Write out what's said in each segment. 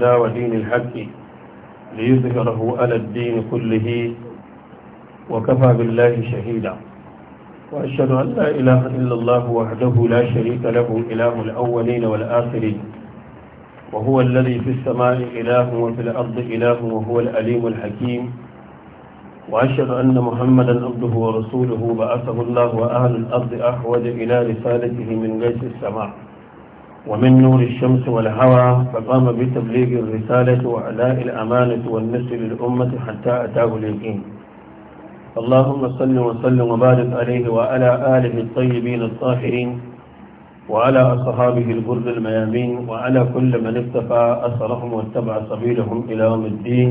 الهدى ودين الحق ليظهره على الدين كله وكفى بالله شهيدا وأشهد أن لا إله إلا الله وحده لا شريك له إله الأولين والآخرين وهو الذي في السماء إله وفي الأرض إله وهو الأليم الحكيم وأشهد أن محمدا عبده ورسوله بعثه الله وأهل الأرض أحوج إلى رسالته من غيث السماء ومن نور الشمس والهوى فقام بتبليغ الرسالة وأداء الأمانة والنصر للأمة حتى أتاه اليقين اللهم صل وسلم وبارك عليه وعلى آله الطيبين الطاهرين وعلى أصحابه الغرد الميامين وعلى كل من اكتفى أثرهم واتبع سبيلهم إلى يوم الدين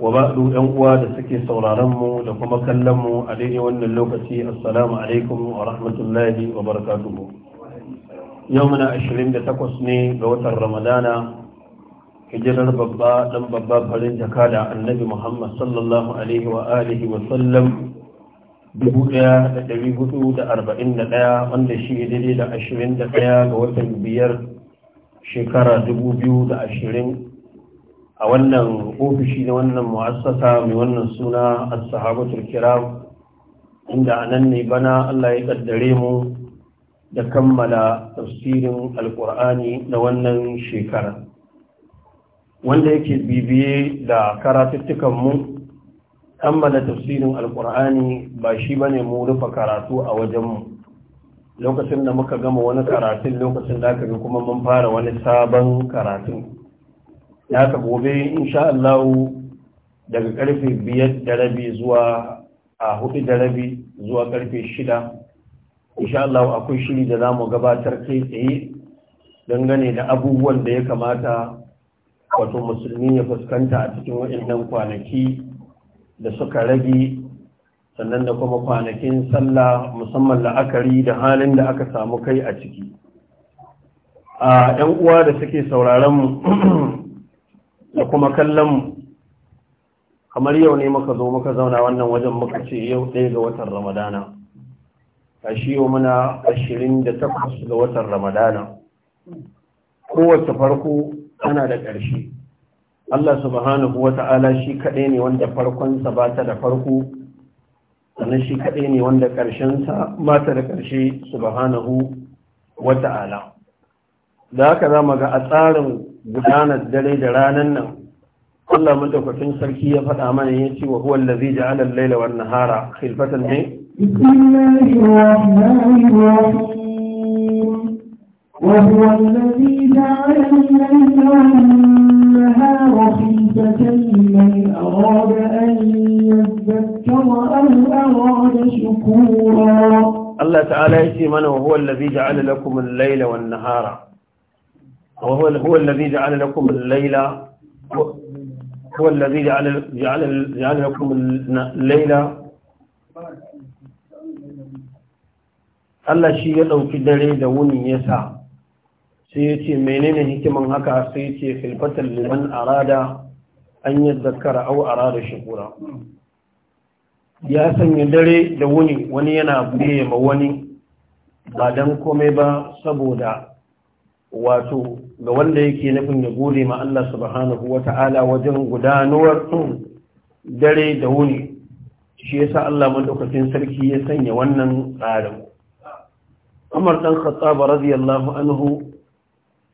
وبعد أنقوى لسكي سورارمو لكم أكلمو عليه وأن اللوكسي السلام عليكم ورحمة الله وبركاته yau muna ashirin da takwas ne ga watan ramadana hijirar babba dan babba farin jaka da annabi muhammad sallallahu alaihi wa alihi wa sallam 1441 wanda shi daidai da ashirin da ɗaya ga watan biyar shekara ashirin. a wannan ofishi na wannan mu'assasa mai wannan suna as-sahabatul kiram inda anan ne bana Allah ya kaddare mu da kammala tafsirin alkur'ani na wannan shekara wanda yake bibiye da karatuttukanmu kammala tafsirin alkur'ani ba shi ba ne mu rufe karatu a wajenmu lokacin da muka gama wani karatun lokacin da aka ga kuma mun fara wani sabon karatun ya ka gobe insha Allah daga karfe biyar da rabi zuwa a hudu da rabi zuwa karfe shida insha akwai shiri da za mu gabatar kai tsaye dangane da abubuwan da ya kamata wato musulmi ya fuskanta a cikin waɗannan kwanaki da suka rage sannan da kuma kwanakin sallah musamman la'akari da halin da aka samu kai a ciki a ɗan uwa da suke sauraron da kuma kallon kamar yau ne muka zo muka zauna wannan wajen muka ce yau ɗaya ga watan ramadana kashi muna ashirin da takwas ga watan ramadana kowace farko tana da ƙarshe Allah subhanahu wa ta'ala shi kaɗai ne wanda farkonsa ba ta da farko sannan shi kaɗai ne wanda ƙarshensa ba ta da ƙarshe subhanahu wa ta'ala da aka za ga a tsarin gudanar dare da ranar nan Allah mutakwafin sarki ya faɗa mana ya ce wa huwa allazi ja'ala al-laila wannan hara. khilfatan ne eh? بسم الله الرحمن الرحيم وهو الذي جعل الليل والنهار خلفتين لمن أراد أن يذكر أو أراد شكورا الله تعالى يسمنه وهو الذي جعل لكم الليل والنهار وهو هو الذي جعل لكم الليل هو الذي جعل جعل جعل لكم الليل Allah shi ya ɗauki dare da wuni ya sa sai ya ce menene hikiman haka sai ya ce filfatar liman arada an yi zakara au arada shekura ya sanya dare da wuni wani yana biye ma wani ba don komai ba saboda wato ga wanda yake nufin ya gode ma Allah subhanahu wa ta'ala wajen gudanuwar dare da wuni shi ya sa Allah madaukakin sarki ya sanya wannan tsarin umar ɗan khattab radiyallahu anhu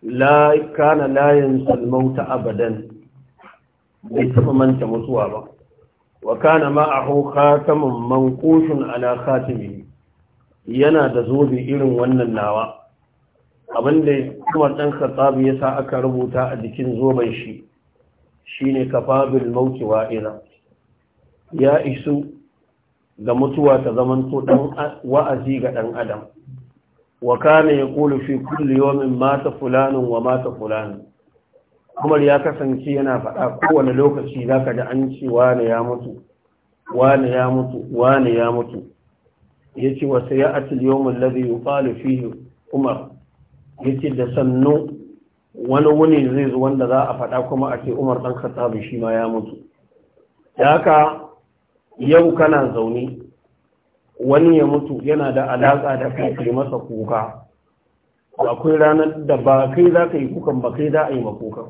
la kana la yansa abadan bai taba manta mutuwa ba wa kana ma'ahu khatamun manqushun ala yana da zobe irin wannan nawa abinda umar ɗan khattab yasa aka rubuta a jikin zoben shi shine kafabil maut wa'ira ya isu ga mutuwa ta zamanto dan wa'azi ga dan adam wa kana yaqulu fi kulli yawmin mata fulanun wa mata fulanun Umar ya kasance yana faɗa kowane lokaci zaka ji an ce wane ya mutu wane ya mutu wane ya mutu yace wa sayati yuqalu fihi Umar yace da sannu wani wuni zai zo wanda za a faɗa kuma a ce Umar dan Khattab shi ma ya mutu haka yau kana zaune wani ya mutu yana da alaƙa da kai kai masa kuka akwai ranar da ba kai za ka yi kukan ba kai za a yi makukan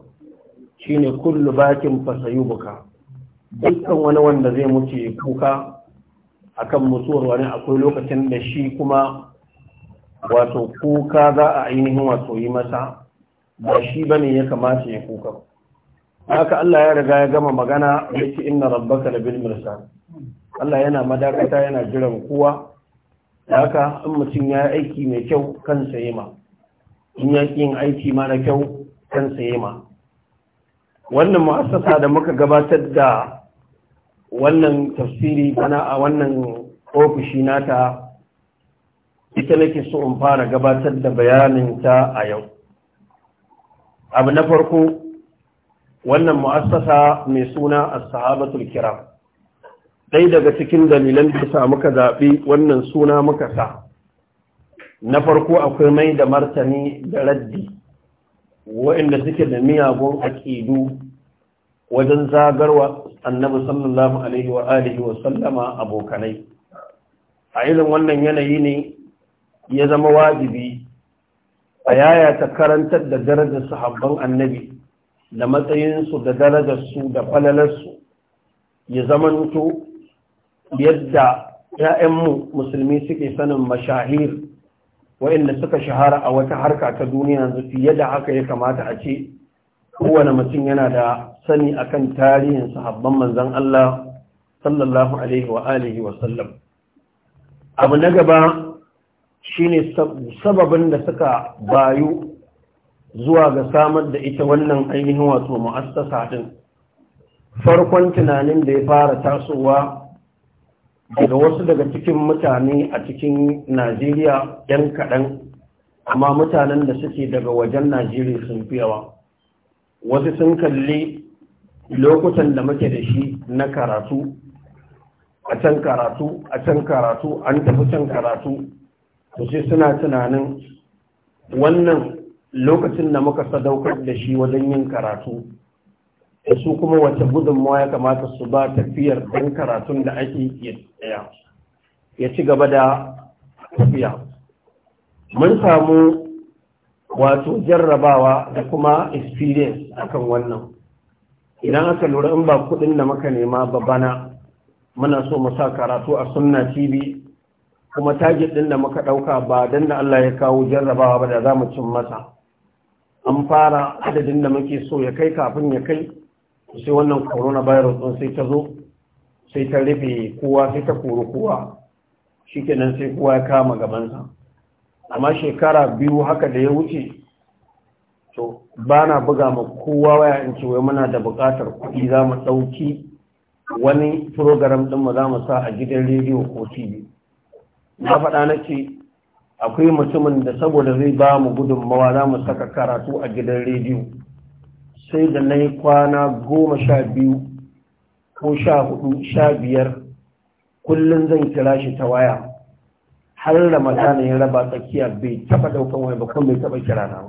shi ne kullu bakin fasayu buka dukkan wani wanda zai mutu ya kuka a kan mutuwar wani akwai lokacin da shi kuma wato kuka za a ainihin wato yi masa ba shi ba ne ya kamata ya kuka haka Allah ya riga ya gama magana yake inna rabbaka labil mursal Allah yana madakata yana jiran kowa haka in mutum ya aiki mai kyau kansa sayima in ya yin aiki mara kyau kan sayima wannan mu'assasa da muka gabatar da wannan tafsiri kana a wannan ofishi nata ita nake so in fara gabatar da bayanin ta a yau abu na farko wannan mu'assasa mai suna as-sahabatul kiram dai daga cikin dalilan da sa muka zabi wannan suna muka sa na farko akwai mai da martani da raddi waɗanda suke da miyagun aƙidu wajen zagarwa annabi sallallahu alaihi wa alihi wa sallama abokanai a irin wannan yanayi ne ya zama wajibi a yaya ta karantar da darajar sahabban annabi da matsayinsu da darajarsu da falalarsu ya zamanto yadda ‘ya'yanmu musulmi suke sanin mashahir wa'inda suka shahara a wata harka ta duniya yanzu fiye da haka ya kamata a ce kowane mutum yana da sani akan tarihin sahabban manzan Allah sallallahu alaihi wa alihi wa sallam abu na gaba shine sababin da suka bayu zuwa ga samar da ita wannan ainihin wato ma'asasa din farkon tunanin da ya fara tasowa daga wasu daga cikin mutane a cikin najeriya yan kaɗan amma mutanen da suke daga wajen najeriya sun fi yawa wasu sun kalli lokutan da muke da shi na karatu a can karatu a can karatu an tafi can karatu to sai suna tunanin wannan lokacin da muka sadaukar da shi wajen yin karatu da su kuma wace gudunmawa ya kamata su ba tafiyar ɗan karatun da ake ya ci gaba da tafiya mun samu wato jarrabawa da kuma experience akan wannan idan aka lura in ba kudin da muka nema ba bana muna so mu sa karatu a sunna tv kuma target din da muka dauka ba dan da Allah ya kawo jarrabawa ba da za mu cin masa an fara adadin da muke so ya kai kafin ya kai sai wannan corona virus ɗin sai ta zo sai ta rufe kowa sai ta kori kowa shikenan sai kowa ya kama gabansa amma shekara biyu haka da ya wuce to ba na buga ma kowa waya in ce wai muna da buƙatar kuɗi za mu ɗauki wani program ɗin mu za mu sa a gidan rediyo ko tv na faɗa na akwai mutumin da saboda zai ba mu gudunmawa za mu saka karatu a gidan rediyo sai da na yi kwana goma sha biyu ko sha hudu sha biyar kullum zan kira shi ta waya har da magana ya raba tsakiya bai taba daukan waya ba kuma bai taba kira na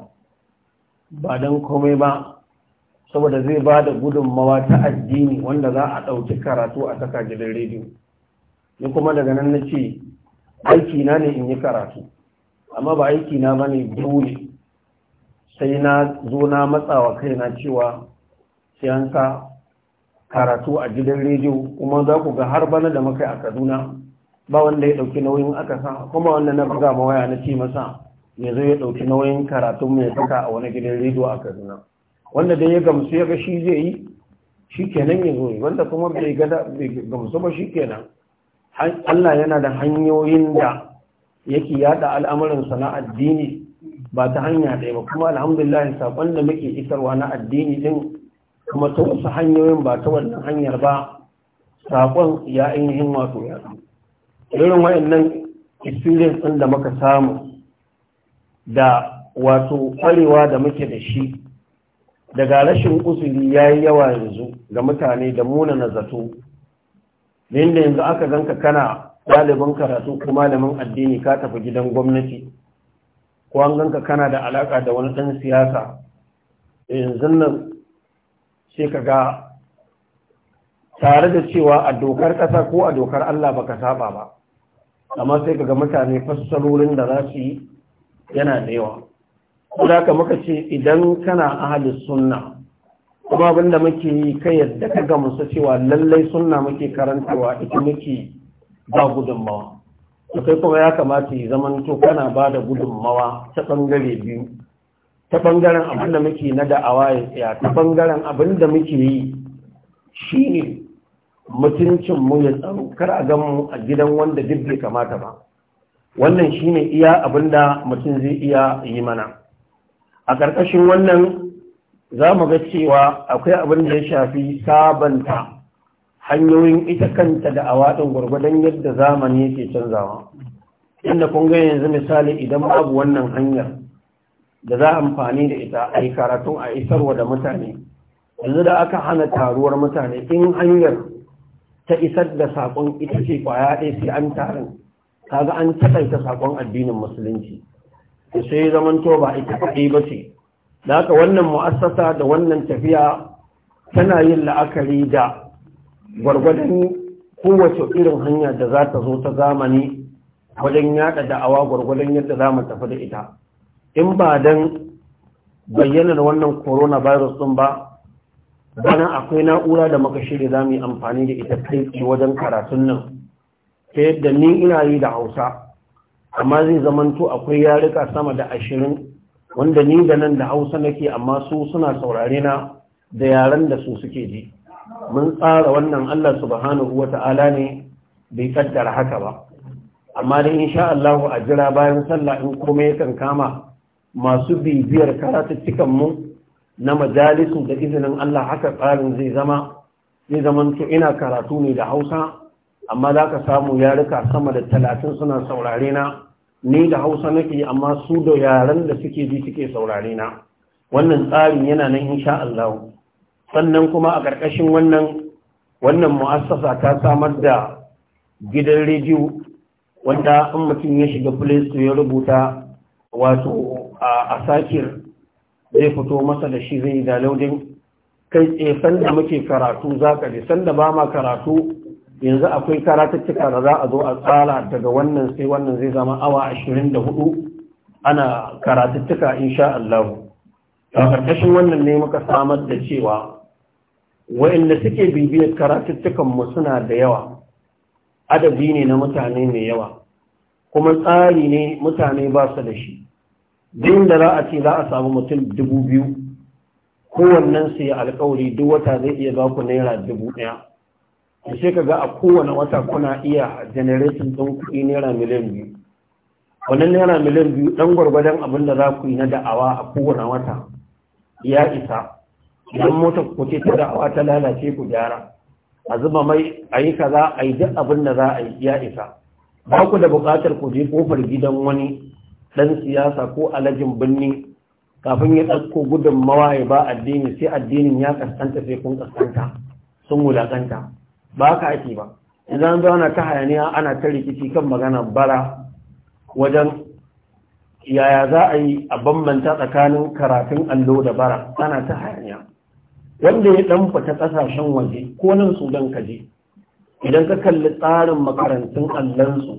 ba don komai ba saboda zai ba da gudunmawa ta addini wanda za a ɗauki karatu a saka gidan rediyo ni kuma daga nan na ce aiki na ne in yi karatu amma ba aiki na bane dole sai na zo na matsawa kaina cewa sai an sa karatu a gidan rediyo kuma za ku ga har bana da makai a kaduna ba wanda ya ɗauki nauyin aka sa kuma wanda na buga ma waya na ce masa ya zo ya ɗauki nauyin karatu mai saka a wani gidan rediyo a kaduna wanda dai ya gamsu ya ga shi zai yi shi kenan ya zo wanda kuma bai gamsu ba shi kenan Allah yana da hanyoyin da yake yada al'amuransa na addini ba ta hanya ɗaya ba kuma alhamdulillah saƙon da muke isarwa na addini din kuma ta wasu hanyoyin ba ta wannan hanyar ba saƙon ya ainihin wato ya irin wayannan experience ɗin da muka samu da wato ƙwarewa da muke da shi daga rashin usuli ya yi yawa yanzu ga mutane da muna na zato da yanzu aka ganka kana ɗaliban karatu ko malamin addini ka tafi gidan gwamnati ko an ganka kana da alaka da wani ɗan siyasa yanzu nan sai ka ga tare da cewa a dokar ƙasa ko a dokar Allah baka saba ba amma sai kaga mutane fassarorin da za su yi yana da yawa kuma ka muka ce idan kana ahalin sunna kuma abinda muke yi kai yadda ka gamsu cewa lallai sunna muke karantawa ita muke yi. ba gudunmawa to kai kuma ya kamata yi zaman to kana ba da gudunmawa ta bangare biyu ta bangaren abin da muke na da ya ta bangaren abin da muke yi shine mutuncin mu ya tsaro kar a gan mu a gidan wanda duk bai kamata ba wannan shine iya abin da mutum zai iya yi mana a ƙarƙashin wannan za mu ga cewa akwai abin da ya shafi sabanta hanyoyin ita kanta da awaɗin gwargwadon yadda zamani yake canzawa inda kun yanzu misali idan babu wannan hanyar da za amfani da ita a yi karatun a isarwa da mutane yanzu da aka hana taruwar mutane in hanyar ta isar da saƙon ita ce kwaya ɗaya sai an tarin kaga an taɗaita saƙon addinin musulunci da sai zaman to ba ita kaɗai ba ce da aka wannan mu'assasa da wannan tafiya tana yin la'akari da gwargwadon kowace irin hanya da za ta zo ta zamani wajen yada da'awa gwargwadon yadda za mu tafi da ita in ba don bayyanar wannan coronavirus din ba bana akwai na'ura da muka shirya za mu yi amfani da ita kai wajen karatun nan ta yadda ni ina yi da hausa amma zai zamanto akwai yarika sama da ashirin wanda ni da nan da hausa nake amma su suna saurare na da yaren da su suke ji mun tsara wannan Allah subhanahu Ta'ala ne bai kaddara haka ba amma dai insha Allah a jira bayan sallah in komai yakan kama masu bibiyar cikan mu na majalisu da izinin Allah haka tsarin zai zama zai zaman to ina karatu ne da Hausa amma za ka samu yaruka sama da talatin suna saurare na ni da Hausa nake amma su da yaren da suke ji suke saurare na wannan tsarin yana nan insha Allah sannan kuma a ƙarƙashin wannan wannan mu'assasa ta samar da gidan rediyo wanda in mutum ya shiga place ya rubuta wato a sakir zai fito masa da shi zai da laudin kai tsaye sanda muke karatu za ka je sanda ba ma karatu yanzu akwai karatuttuka da za a zo a tsara daga wannan sai wannan zai zama awa ashirin da hudu ana karatuttuka insha Allah a ƙarƙashin wannan ne muka samar da cewa wa'inda suke bibiyar karatuttukanmu suna da yawa Adabi ne na mutane mai yawa kuma tsari ne mutane ba su da shi din da za a ce za a samu mutum dubu biyu kowannen su yi alkawari duk wata zai iya ba ku naira dubu ɗaya da sai ka ga a kowane wata kuna iya generation ɗin kuɗi naira miliyan biyu wannan naira miliyan biyu ɗan gwargwadon abin da za ku yi na da'awa a kowane wata ya isa idan motar ku ce ta da'awa ta lalace ku gyara a zuba mai a yi kaza a yi duk abin da za a yi ya isa ba ku da buƙatar ku je kofar gidan wani ɗan siyasa ko alajin birni kafin ya ɗauko gudun mawaye ba addini sai addinin ya kaskanta sai kun kaskanta sun wulaƙanta ba ka ake ba idan zauna ta hayaniya ana ta rikici kan magana bara wajen yaya za a yi a bambanta tsakanin karatun allo da bara ana ta hayaniya wanda ya ɗan fita kasashen waje ko nan sudan ka je idan ka kalli tsarin makarantun allansu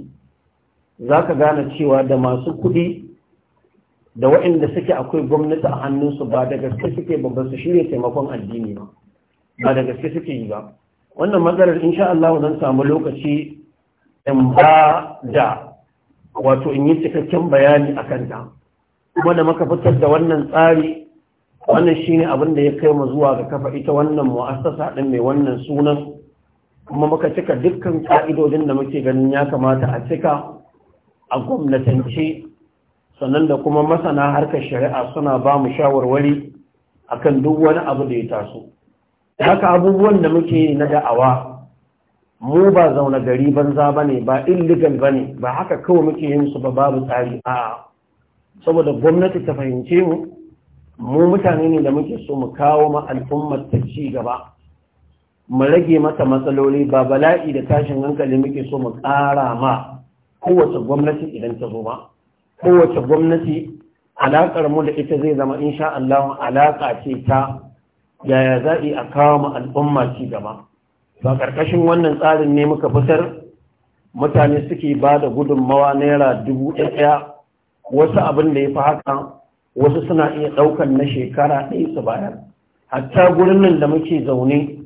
za ka gane cewa da masu kuɗi da waɗanda suke akwai gwamnati a hannunsu ba da gaske suke babban su shirya taimakon addini ba ba da gaske suke yi ba wannan matsalar insha Allah zan samu lokaci in ba da wato in yi cikakken bayani a kanta kuma da muka fitar da wannan tsari wannan shine abin da ya kai mu zuwa ga kafa ita wannan mu'assasa din mai wannan sunan kuma muka cika dukkan ka'idodin da muke ganin ya kamata a cika a gwamnatance sannan da kuma masana harkar shari'a suna ba mu shawarwari akan duk wani abu da ya taso haka abubuwan da muke na da'awa mu ba zaune gari banza ba ne ba Illigal ba ne ba haka kawai muke yin su ba babu tsari A'a saboda gwamnati ta fahimce mu mu mutane ne da muke so mu kawo ma al'ummar ta ci gaba mu rage mata matsaloli ba bala'i da tashin hankali muke so mu ƙara ma kowace gwamnati idan ta zo ba kowace gwamnati alaƙar mu da ita zai zama insha Allah alaƙa ce ta yaya za a kawo ma al'umma ci gaba ba ƙarƙashin wannan tsarin ne muka fitar mutane suke ba da gudunmawa naira dubu ɗaya wasu abin da ya fi haka wasu suna iya ɗaukan na shekara ɗaya su bayar hatta gurin nan da muke zaune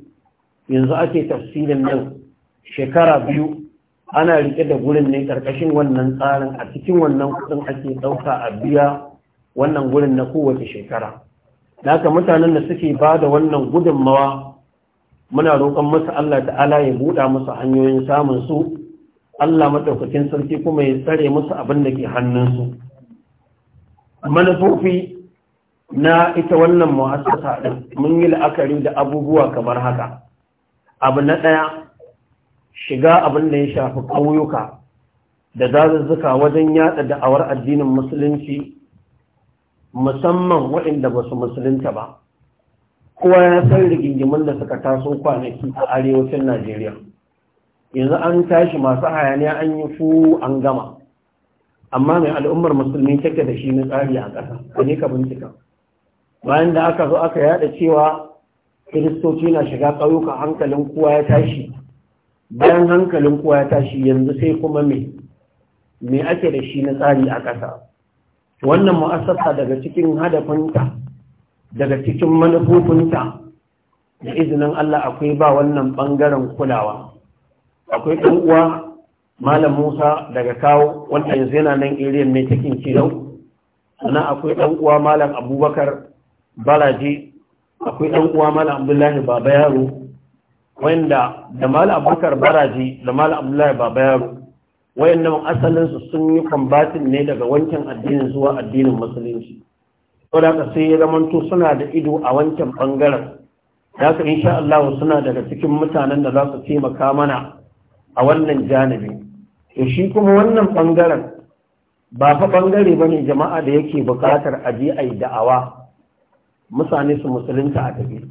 yanzu ake tafsirin nan shekara biyu ana rike da gurin ne ƙarƙashin wannan tsarin a cikin wannan kudin ake ɗauka a biya wannan gurin na kowace shekara da mutanen da suke ba da wannan gudunmawa muna roƙon masa Allah ta'ala ya buɗa musu hanyoyin samun su Allah maɗaukakin sarki kuma ya tsare musu abin da ke hannunsu manufofi na ita wannan muhassasa ɗin mun yi la'akari da abubuwa kamar haka abu na ɗaya shiga abin da ya shafi ƙauyuka da zazuzzuka wajen yaɗa da'awar addinin musulunci musamman waɗanda ba su musulunta ba kowa ya san rigingimin da suka taso kwanaki a arewacin najeriya yanzu an tashi masu hayaniya an yi fu an gama amma mai al'ummar musulmi take da shi na tsari a ƙasa da ne ka bincika bayan da aka zo aka yada cewa kiristoci na shiga ƙauyuka hankalin kowa ya tashi bayan hankalin kowa ya tashi yanzu sai kuma me me ake da shi na tsari a ƙasa wannan mu'assasa daga cikin hadafinta daga cikin manufofinta da izinin Allah akwai ba wannan bangaren kulawa akwai ɗan uwa malam musa daga kawo wanda yanzu yana nan iriyan mai cikin kidau sannan akwai ɗan uwa malam abubakar balaji akwai ɗan uwa malam abdullahi baba yaro wanda da malam abubakar balaji da malam abdullahi baba yaro wayannan asalinsu sun yi kwambatin ne daga wancan addinin zuwa addinin musulunci da sai ya zamanto suna da ido a wancan bangaren da ka insha Allah suna daga cikin mutanen da za su taimaka mana a wannan janibi to shi kuma wannan bangaren ba fa ɓangare ba ne jama'a da yake buƙatar aje a da'awa mutane su musulunta a tafi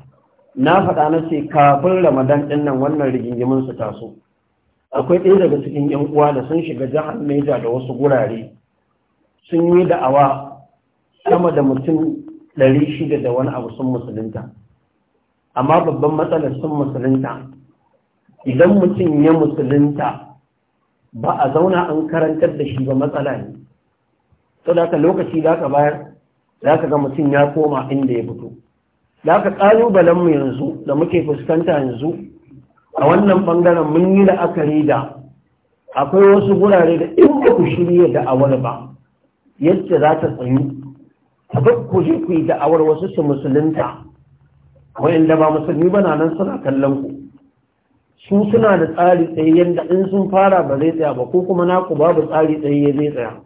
na faɗa na ce kafin ramadan ɗin nan wannan rigingimin su taso akwai ɗaya daga cikin yan uwa da sun shiga jihar Neja da wasu gurare sun yi da'awa sama da mutum ɗari shida da wani abu sun musulunta amma babban matsalar sun musulunta idan mutum ya musulunta ba a zauna an karantar da shi ba matsala ne sau da lokaci za ka bayar za ka ga mutum ya koma inda ya fito za ka ƙalubalenmu yanzu da muke fuskanta yanzu a wannan ɓangaren mun yi la'akari da akwai wasu gurare da in ku shirya da'awar ba yadda za ta tsayu a duk ku je ku yi da'awar wasu su musulunta wa'inda ba musulmi ba na nan suna kallon ku su suna da tsari tsaye yadda in sun fara ba zai tsaya ba ko kuma naku babu tsari tsaye ya zai tsaya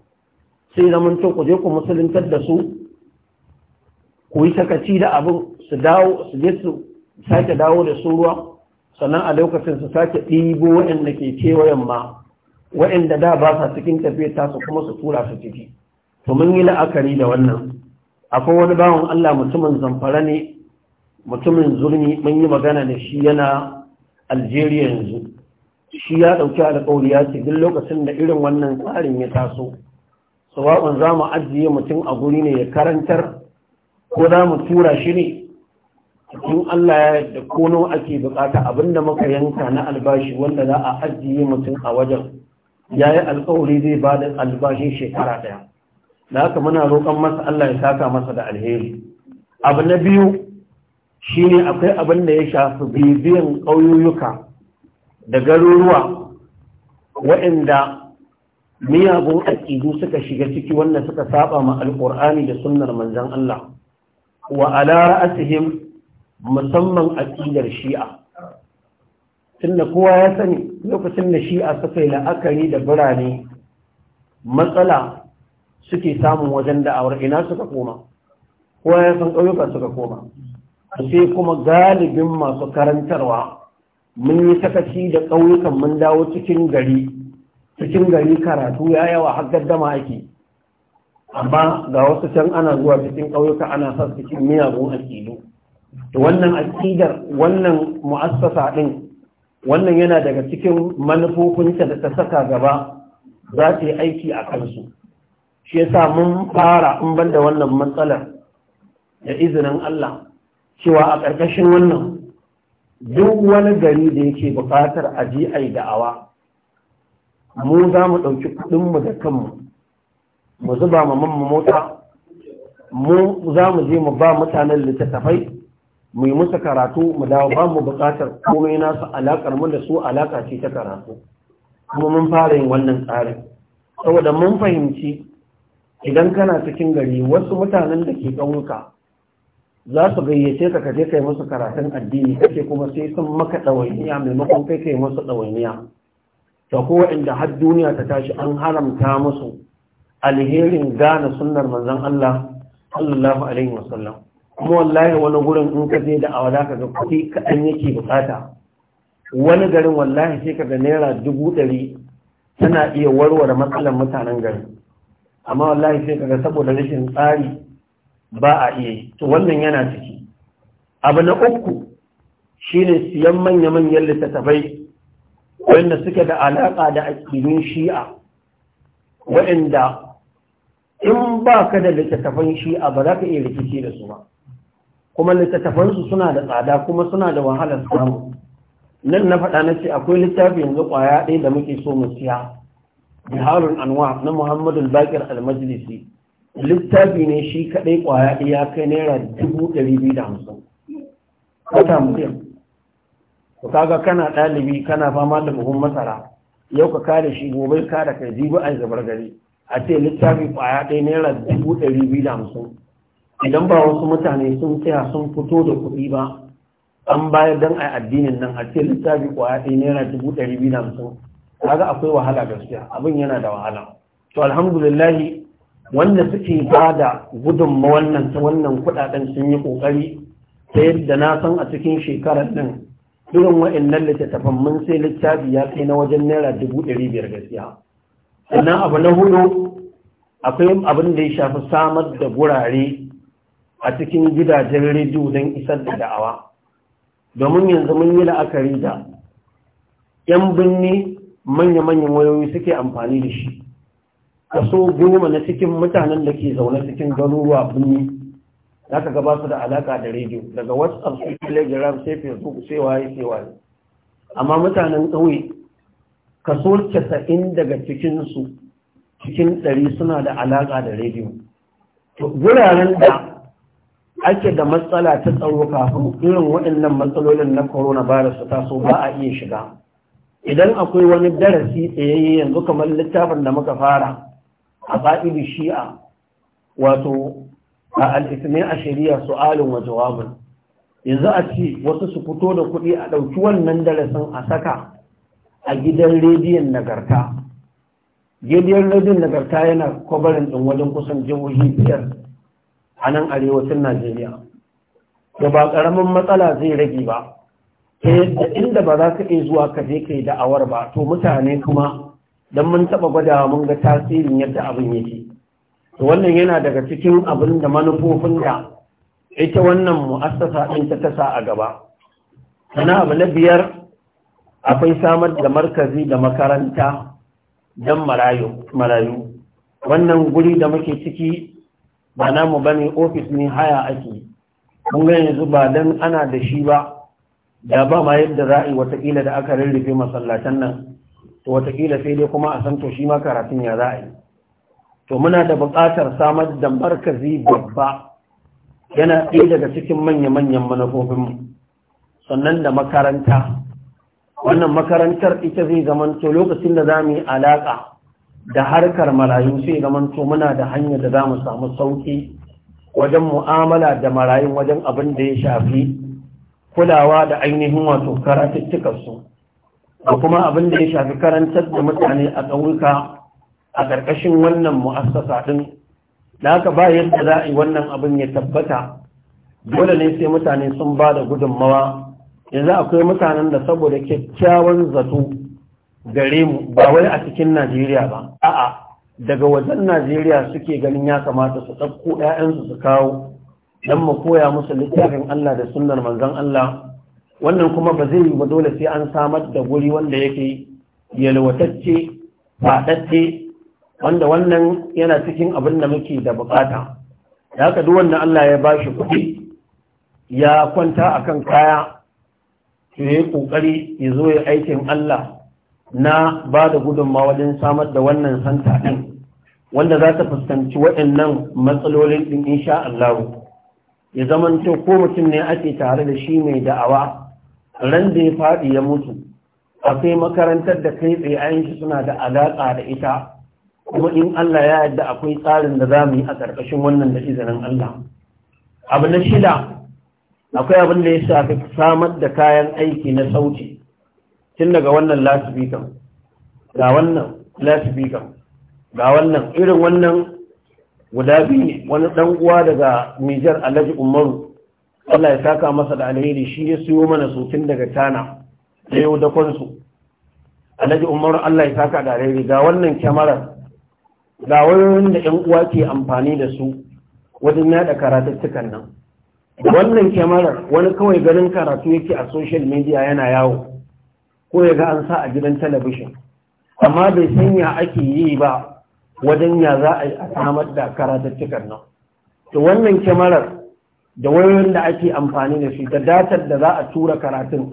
sai zaman to ku je ku musuluntar da su ku yi sakaci da abin su dawo su je su sake dawo da su ruwa sannan a lokacin su sake ɗibo waɗanda ke kewayen ma waɗanda da ba sa cikin tafiya ta su kuma su tura su ciki to mun yi la'akari da wannan akwai wani bawan Allah mutumin zamfara ne mutumin zurmi mun yi magana da shi yana algeria yanzu shi ya ɗauki alƙawari ya ce duk lokacin da irin wannan tsarin ya taso sabon za mu ajiye mutum a guri ne ya karantar ko za mu tura shi ne cikin Allah ya da kono ake bukata abinda muka yanka na albashi wanda za a ajiye mutum a wajen ya yi alƙawari zai ba da albashi shekara ɗaya da haka muna roƙon masa Allah ya saka masa da alheri abu na biyu shi ne akwai abin da ya shafi bibiyan ƙauyuyuka da garuruwa waɗanda miyagun aƙidu suka shiga ciki wanda suka saba ma alƙur'ani da sunnar manzan Allah wa ala ra'asihim musamman aƙidar shi'a tunda kowa ya sani lokacin da shi'a suka yi la'akari da birane matsala suke samun wajen da'awar ina suka koma kowa ya san ƙauyuka suka koma sai kuma galibin masu karantarwa mun yi sakaci da ƙauyukan mun dawo cikin gari cikin gari karatu ya yawa har gaddama ake amma ga wasu can ana zuwa cikin ƙauyuka ana sa cikin miyagun aƙidu wannan aƙidar wannan mu'assasa ɗin wannan yana daga cikin manufofinta da ta saka gaba za ta yi aiki a kansu shi yasa mun fara in banda wannan matsalar da izinin Allah cewa a ƙarƙashin wannan duk wani gari da yake buƙatar a je a yi da'awa mu za mu ɗauki kuɗinmu da kanmu mu zuba ma mamma mota mu za mu je mu ba mutanen littattafai mu yi musu karatu mu dawo ba mu buƙatar komai nasu alaƙar mu da su alaƙa ce ta karatu kuma mun fara yin wannan tsarin saboda mun fahimci idan kana cikin gari wasu mutanen da ke ƙauyuka za su gayyace ka kaje kai musu karatun addini kake kuma sai sun maka ɗawainiya maimakon kai kai musu ɗawainiya Da kowa inda har duniya ta tashi an haramta musu alherin gane sunnar manzon Allah sallallahu alaihi wasallam kuma wallahi wani gurin in ka je da awada ka ga kuɗi kaɗan yake bukata wani garin wallahi sai ka ga naira dubu ɗari tana iya warware matsalar mutanen garin amma wallahi sai ka ga saboda rashin tsari ba a iya yi to wannan yana ciki abu na uku shine siyan manya-manyan littattafai wanda suke da alaƙa da aƙidun shi'a waɗanda in ba ka da littattafan shi'a ba za ka iya rikici da su ba kuma littattafansu suna da tsada kuma suna da wahalar samu nan na faɗa na ce akwai littafi yanzu ƙwaya ɗaya da muke so mu siya biharun anwa na muhammadu bakir al-majlisi littafi ne shi kaɗai ƙwaya ya kai naira dubu ɗari biyu da hamsin wata mutum to kaga kana ɗalibi kana fama da buhun masara yau ka kada shi gobe ka da kai jibi a zabar gari a ce littafi ƙwaya ɗaya naira dubu ɗari biyu da hamsin idan ba wasu mutane sun tsaya sun fito da kuɗi ba an bayar don a addinin nan a ce littafi ƙwaya ɗaya naira dubu ɗari biyu da hamsin kaga akwai wahala gaskiya abin yana da wahala to alhamdulillah wanda suke ba da gudunma wannan ta wannan kudaden sun yi kokari ta yadda na san a cikin shekarar din irin wa'annan littattafan mun sai littafi ya kai na wajen naira dubu ɗari biyar gaskiya sannan abu na hudu akwai abin da ya shafi samar da gurare a cikin gidajen rediyo don isar da da'awa domin yanzu mun yi la'akari da 'yan birni manya-manyan wayoyi suke amfani da shi kaso goma na cikin mutanen da ke zaune cikin garuruwa birni za ka gaba su da alaka da rediyo daga whatsapp sai telegram sai facebook sai waye sai waye amma mutanen ƙauye kaso 90 daga cikinsu cikin 100 suna da alaka da rediyo wuraren da ake da matsala ta tsaro kafin irin waɗannan matsalolin na coronavirus su taso ba a iya shiga idan akwai wani darasi tsayayye yanzu kamar littafin da muka fara a ƙa'idu shi'a wato a al'ismin a shari'a su'alin wa jawabin yanzu a ce wasu su fito da kuɗi a ɗauki wannan darasin a saka a gidan rediyon nagarta gidan rediyon nagarta yana kwabarin ɗin wajen kusan jihohi biyar a nan arewacin najeriya da ba ƙaramin matsala zai rage ba ta yadda inda ba za ka iya zuwa ka je ka yi da'awar ba to mutane kuma don mun taɓa gwadawa mun ga tasirin yadda abin yake wannan yana daga cikin abin da manufofin da ita wannan mu'assasa ɗin ta tasa a gaba sana abu na biyar akwai samar da markazi da makaranta don marayu wannan guri da muke ciki ba namu bane ofis ne haya ake mun ga yanzu ba dan ana da shi ba da ba ma yadda za a yi wataƙila da aka rarrafe masallatan nan to watakila sai dai kuma a san to shi ma karatun ya za a yi to muna da buƙatar samar da markazi babba yana ɗaya daga cikin manya-manyan manufofinmu sannan da makaranta wannan makarantar ita zai zamanto lokacin da za mu yi alaƙa da harkar marayu sai zamanto muna da hanyar da za mu samu sauƙi wajen mu'amala da marayun wajen abin da ya shafi kulawa da ainihin wato su. da kuma abin da ya shafi karantar da mutane a ƙauyuka a ƙarƙashin wannan mu'assasa ɗin da haka ba yadda za a yi wannan abin ya tabbata dole ne sai mutane sun ba da gudunmawa yanzu akwai mutanen da saboda kyakkyawan zato gare mu ba wai a cikin najeriya ba a'a daga wajen najeriya suke ganin ya kamata su ɗauko 'ya'yansu su kawo don mu koya musu littafin allah da sunnar manzon allah wannan kuma ba zai yi ba dole sai an samar da guri wanda yake yalwatacce faɗaɗe wanda wannan yana cikin abin da muke da bukata Ya haka duk wanda Allah ya ba shi kuɗi ya kwanta akan kaya Su ya yi ƙoƙari ya zo ya aikin Allah na ba da gudunma wajen samar da wannan santa ɗin wanda za ta fuskanci waɗannan matsalolin ɗin insha Allah ya zamanto ko mutum ne ake tare da shi mai da'awa ran da ya faɗi ya mutu akwai makarantar da kai tsaye ayin shi suna da alaƙa da ita kuma in Allah ya yarda akwai tsarin da za mu yi a ƙarƙashin wannan da izinin Allah abu na shida akwai abin da ya shafi samar da kayan aiki na sauti tun daga wannan lasifikan ga wannan lasifikan ga wannan irin wannan guda biyu wani ɗan uwa daga Nijar Alhaji Umaru Allah ya saka masa da alheri shi ya siyo mana sutin daga tana da yau da kwansu alhaji umar Allah ya saka da alheri ga wannan kyamarar ga wayoyin da yan uwa ke amfani da su wajen yada karatuttukan nan wannan kyamarar wani kawai ganin karatu yake a social media yana yawo ko ya ga an sa a gidan talabishin amma bai san ya ake yi ba wajen ya za a yi a samar da karatuttukan nan to wannan kyamarar da wayoyin da ake amfani da shi da datar da za a tura karatun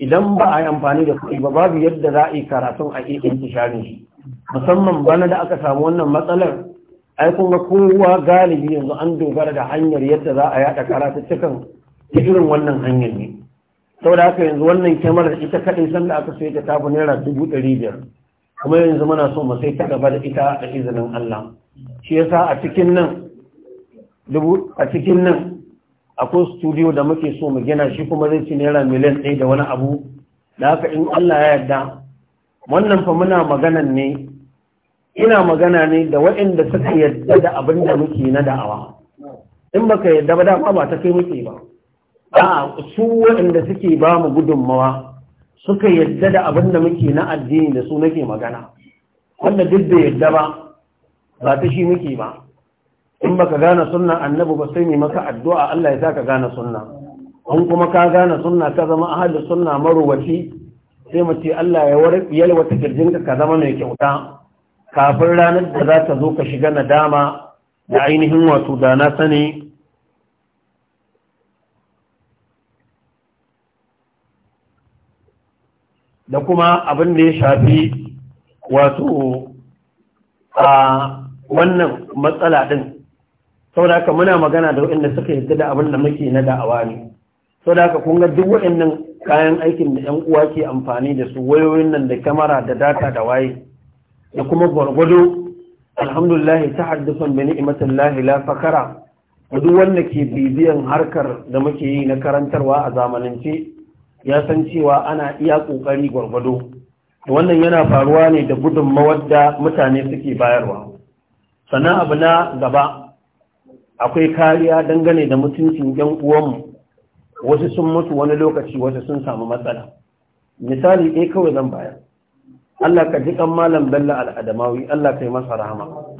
idan ba a yi amfani da kuɗi ba babu yadda za a yi karatun a iya intisharin shi musamman bana da aka samu wannan matsalar ai kuma kowa galibi yanzu an dogara da hanyar yadda za a yaɗa karatuttukan ta irin wannan hanyar ne saboda haka yanzu wannan kyamarar ita kaɗai sanda aka sai ta tafi naira dubu ɗari biyar kuma yanzu muna so mu sai ta gaba da ita a izinin Allah shi yasa a cikin nan dubu a cikin nan akwai studio da muke so mu gina shi kuma zai ci naira miliyan ɗaya da wani abu da haka in Allah ya yarda wannan fa muna magana ne ina magana ne da waɗanda suka yarda da abin da muke na da'awa in baka yarda ba dama ba ta kai muke ba a su waɗanda suke ba mu gudunmawa suka yarda da abin da muke na addini da su nake magana wanda duk da yarda ba ba ta shi muke ba in baka gane sunna annabi ba sai ne maka addu'a Allah ya sa ka gane sunna in kuma ka gane sunna ka zama a ahalin sunna maruwaci sai mu ce Allah ya wata kirjinka ka zama mai kyauta kafin ranar da za ta zo ka shiga nadama da ainihin wato da na sani da kuma abin da ya shafi wato a wannan matsala ɗin Sau da aka muna magana da waɗanda suka yarda da abin da muke na da'awa ne Sau da aka kunga duk waɗannan kayan aikin da 'yan uwa ke amfani da su wayoyin nan da kyamara da data da waye da kuma gwargwado alhamdulillah ta haddusan bi lahi la fakara duk wanda ke bibiyan harkar da muke yi na karantarwa a zamanance ya san cewa ana iya ƙoƙari gwargwado wannan yana faruwa ne da gudunmawar da mutane suke bayarwa sannan abu na gaba akwai kariya dangane da mutuncin yan uwanmu wasu sun mutu wani lokaci wasu sun samu matsala misali ɗaya kawai zan baya. Allah ka ji kan malam bello al'adamawi Allah ka yi masa rahama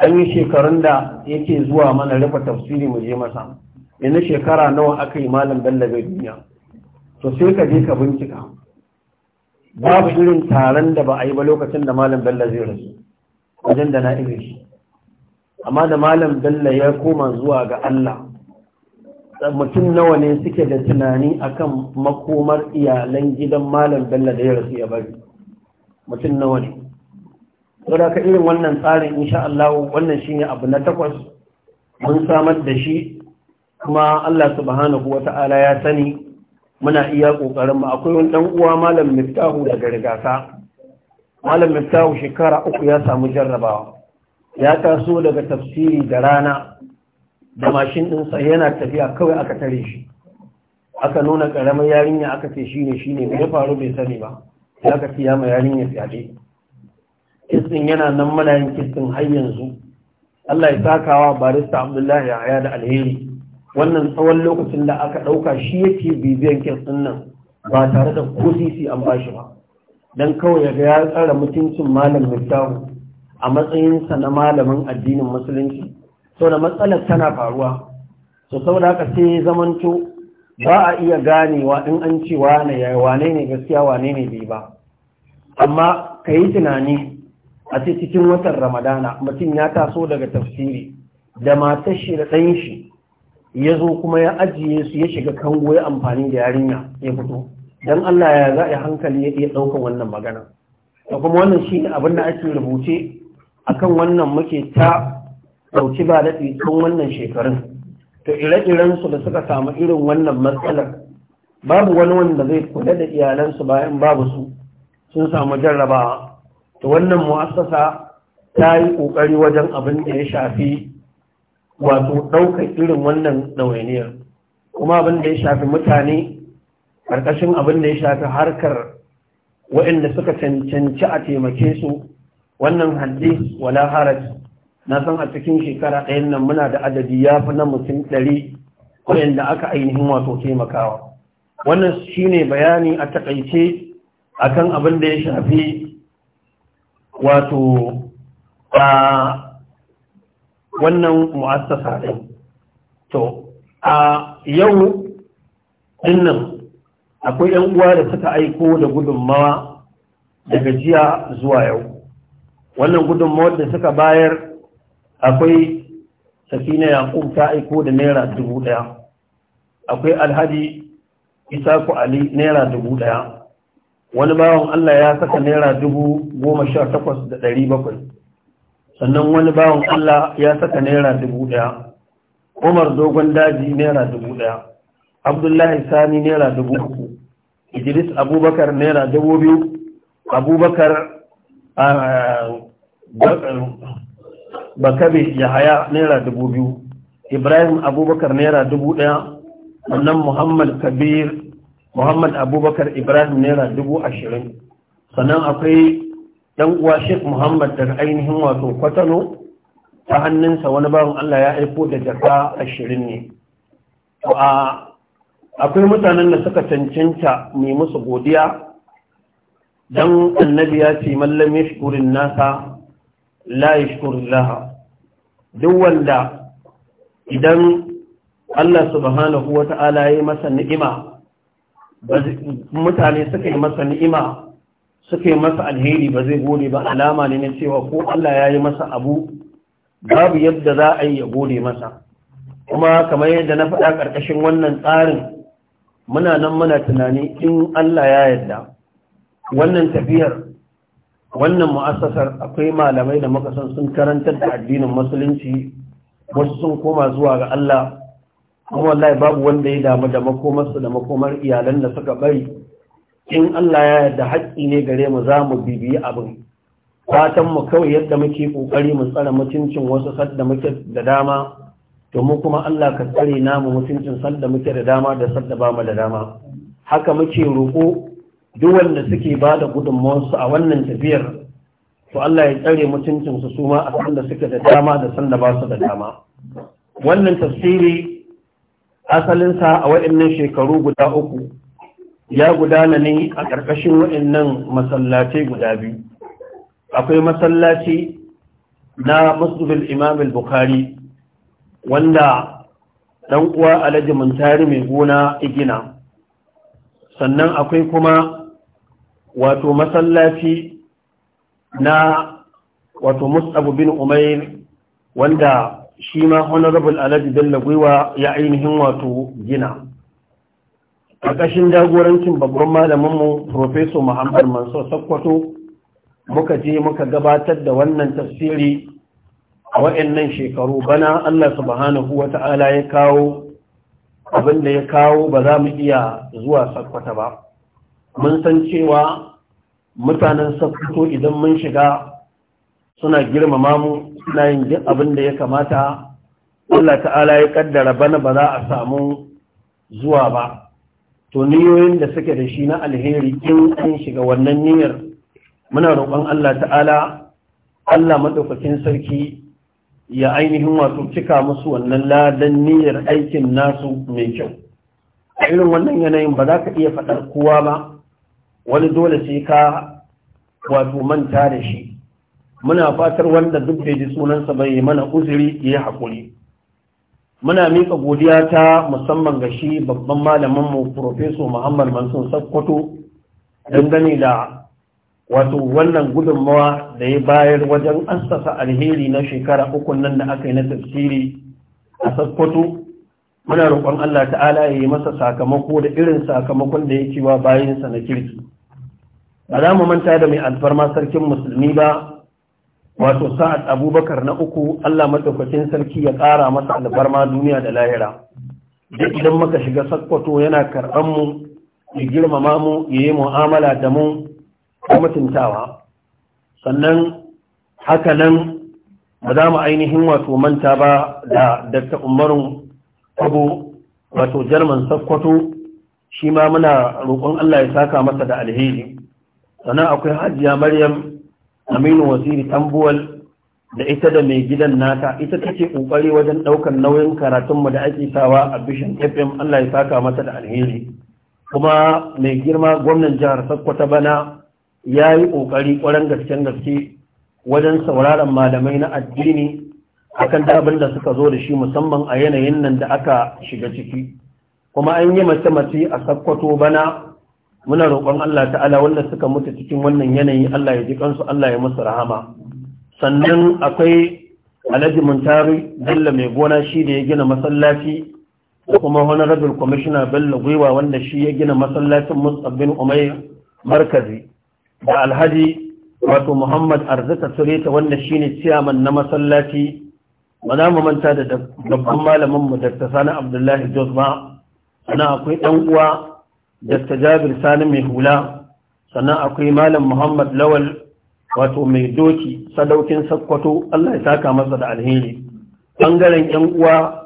an yi shekarun da yake zuwa mana rufa tafsiri mu je masa Ina shekara nawa aka yi malam bello bai duniya to sai ka je ka bincika babu irin taron da ba a yi ba lokacin da malam bello zai rasu wajen da na irin shi amma da malam bello ya koma zuwa ga Allah mutum nawa ne suke da tunani akan makomar iyalan gidan malam bello da ya rasu ya bari mutum nawa ne saboda ka irin wannan tsarin insha Allah wannan shine abu na takwas mun samar da shi kuma Allah subhanahu wata'ala ya sani muna iya kokarin mu akwai wani dan uwa malam Miftahu daga rigasa malam Miftahu shekara uku ya samu jarrabawa ya taso daga tafsiri da rana da mashin ɗinsa yana tafiya kawai aka tare shi aka nuna karamin yarinya aka ce shi ne shi ya faru bai sani ba ya ka siya ma yarinya fyaɗe kistin yana nan mana yin kistin har yanzu Allah ya sakawa barista Abdullahi Yahaya da alheri wannan tsawon lokacin da aka ɗauka shi yake bibiyan kistin nan ba tare da ko sisi an bashi ba dan kawai ya ga ya tsara mutuncin malam Miftahu a matsayinsa na malamin addinin musulunci so da matsalar tana faruwa so da haka sai zamanto ba a iya ganewa in an ce wane ya wane ne gaskiya wane ne bai ba amma ka yi tunani a cikin watan ramadana mutum ya taso daga tafsiri da matar da ɗan shi ya zo kuma ya ajiye su ya shiga kango ya amfani da yarinya ya fito don Allah ya za a hankali ya iya ɗaukar wannan magana da kuma wannan shi ne abin da ake rubuce akan wannan muke ta ɗauki ba daɗi tun wannan shekarun to ire iren su da suka samu irin wannan matsalar babu wani wanda zai kula da iyalansu bayan babu su sun samu jarrabawa ta wannan mu'assasa ta yi ƙoƙari wajen abin da ya shafi wato ɗaukar irin wannan ɗawainiyar kuma abin da ya shafi mutane ƙarƙashin abin da ya shafi harkar waɗanda suka cancanci a taimake su wannan haddi wala haraj na san a cikin shekara ɗayan nan muna da adadi ya fi na mutum ɗari da aka ainihin wato taimakawa wannan shi ne bayani a takaice kan abin da ya shafi wato a wannan mu'assasa ɗin to a yau nan, akwai 'yan uwa da suka aiko da gudunmawa daga jiya zuwa yau wannan gudunmawar da suka bayar akwai safina yaƙub ta aiko da naira dubu ɗaya akwai alhaji isaku ali naira dubu ɗaya wani bawan allah ya saka naira dubu goma sha takwas da ɗari bakwai sannan wani bawan allah ya saka naira dubu ɗaya umar dogon daji naira dubu ɗaya abdullahi sani naira dubu uku idris abubakar naira dubu biyu abubakar ah, bakabe yahaya naira dubu biyu ibrahim abubakar naira dubu ɗaya sannan muhammad kabir muhammad abubakar ibrahim naira dubu ashirin sannan akwai ɗan uwa sheikh muhammad daga ainihin wato kwatano ta hannunsa wani bawan allah ya aiko da jaka ashirin ne akwai mutanen da suka cancanta mai musu godiya don annabi ya ce mallam ya nasa la yashkurullaha duk wanda idan Allah subhanahu wata'ala ya masa ni'ima mutane suka yi masa ni'ima suka yi masa alheri ba zai gode ba alama ne na cewa ko Allah ya yi masa abu babu yadda za a yi ya gode masa kuma kamar yadda na faɗa ƙarƙashin wannan tsarin muna nan muna tunani in Allah ya yarda wannan tafiyar wannan mu'assasar akwai malamai da muka san sun karantar da addinin musulunci wasu sun koma zuwa ga Allah kuma wallahi babu wanda ya damu da makomarsu da makomar iyalan da suka bari in Allah ya yarda haƙƙi ne gare mu za mu bibiyi abin fatan mu kawai yadda muke kokari mu tsare mutuncin wasu sadda muke da dama to mu kuma Allah ka tsare namu mutuncin sadda muke da dama da sadda ba mu da dama haka muke roƙo duk wanda suke ba da gudunmawarsu a wannan tafiyar to Allah ya tsare mutuncinsu su ma a sanda suke da dama da sanda ba su da dama wannan tafsiri asalinsa a waɗannan shekaru guda uku ya gudana ne a ƙarƙashin waɗannan masallatai guda biyu akwai masallaci na masjidul imam bukhari wanda ɗan uwa alhaji muntari mai gona igina sannan akwai kuma wato masallaci na wato Mustapha bin umair wanda shi ma honorable alhaji bello gwiwa ya ainihin wato gina ƙashin jagorancin babban malaminmu professor muhammad mansur sakkwato muka je muka gabatar da wannan tafsiri a wa'annan shekaru bana allah subhanahu wa ta'ala ya kawo abinda ya kawo ba za mu iya zuwa sakkwata ba mun san cewa mutanen sakkwato idan mun shiga suna girmama mu suna yin duk abin da ya kamata Allah ta'ala ya kaddara bana ba za a samu zuwa ba to niyoyin da suke da shi na alheri in an shiga wannan niyyar muna roƙon Allah ta'ala Allah madaukakin sarki ya ainihin wato cika musu wannan ladan niyyar aikin nasu mai kyau a irin wannan yanayin ba za ka iya faɗar kowa ba wani dole sai ka wato manta da shi muna fatar wanda duk bai ji sunansa bai mana uzuri ya yi haƙuri muna miƙa godiya ta musamman ga shi babban malaminmu Profeso Muhammad Mansur Sakkwato dangane da wato wannan gudunmawa da ya bayar wajen assasa alheri na shekara uku nan da aka yi na tafsiri a Sakkwato muna roƙon Allah ta'ala ya yi masa sakamako da irin sakamakon da ya ciwa bayansa na kirki. ba za mu manta da mai alfarma sarkin musulmi ba wato sa'ad abubakar na uku allah maɗaukacin sarki ya ƙara masa alfarma duniya da lahira duk idan muka shiga sakkwato yana karɓanmu mu ya girmama mu ya yi mu'amala da mu ko mutuntawa sannan haka nan ba za mu ainihin wato manta ba da dakta umarun abu wato jarman sakkwato shi ma muna roƙon allah ya saka masa da alheri sannan akwai hajiya maryam aminu wasiri tambuwal da ita da mai gidan nata ita take kokari wajen daukar nauyin karatunmu da ake sawa a bishin fm allah ya saka mata da alheri kuma mai girma gwamnan jihar Sokoto bana ya yi kokari kwaran gasken gaske wajen sauraron malamai na addini akan dabin da suka zo da shi musamman a yanayin nan da aka shiga ciki kuma an yi mace-mace a sakkwato bana muna roƙon Allah ta'ala wanda suka mutu cikin wannan yanayi Allah ya ji kansu Allah ya musu rahama sannan akwai alhaji muntari bello mai gona shi da ya gina masallaci da kuma honorable commissioner bello gwiwa wanda shi ya gina masallacin musab bin umair markazi da alhaji wato muhammad arzika sureta wanda shine ciyaman na masallaci ba za mu manta da babban malaminmu da sani abdullahi jos ba akwai ɗan uwa Dr. Jabir Sani mai hula, sannan akwai Malam Muhammad Lawal wato mai doki sadaukin sakkwato Allah ya saka masa da alheri. Bangaren ‘yan uwa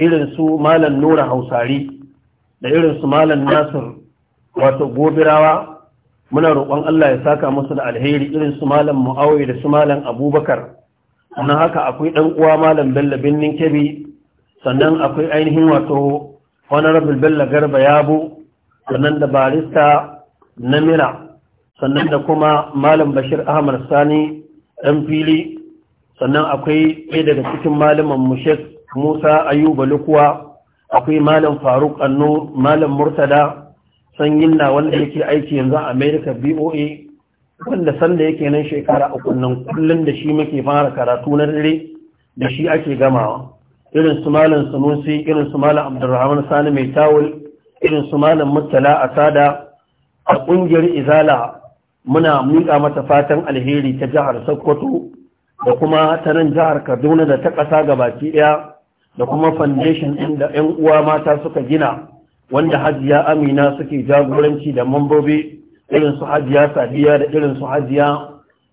irin su Malam Nura Hausari da irin su Malam Nasir wato gobirawa muna roƙon Allah ya saka musu da alheri irin su Malam Mu'awai da su Malam Abubakar. Sannan haka akwai ɗan uwa Malam Bello Birnin Kebbi sannan akwai ainihin wato honorable bello garba yabo sannan da barista namira sannan da kuma malam bashir ahmad sani ɗan fili sannan akwai ɗaya daga cikin malaman mushek musa ayuba lukuwa akwai malam faruk annu malam murtada sanyin na wanda yake aiki yanzu a america boa wanda sanda yake nan shekara a kunnan kullum da shi muke fara karatu na dare da shi ake gamawa irin su malam sanusi irin su malam abdulrahman sani mai tawul irin su malam murtala a sada a ƙungiyar izala muna miƙa mata fatan alheri ta jihar sokoto da kuma ta nan jihar kaduna da ta ƙasa ga baki ɗaya da kuma foundation ɗin da 'yan uwa mata suka gina wanda hajiya amina suke jagoranci da mambobi irin su hajiya sadiya da irin su hajiya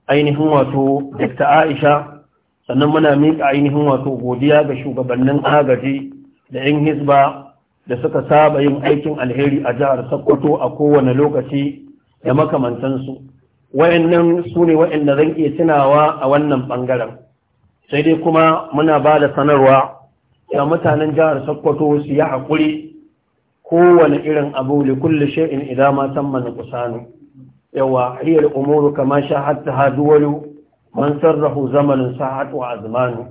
ainihin wato dr aisha sannan muna miƙa ainihin wato godiya ga shugabannin agaji da 'yan hisba da suka saba yin aikin alheri a jihar Sokoto a kowane lokaci da makamantansu wayannan su ne wayanda zan iya tunawa a wannan bangaren sai dai kuma muna ba da sanarwa ga mutanen jihar Sokoto su yi hakuri kowane irin abu li kulli shay'in idan ma tamma nuqsanu yawa hiyar umuru kama sha hatta haduwalu man sarrahu zamanin sa'atu wa azmanu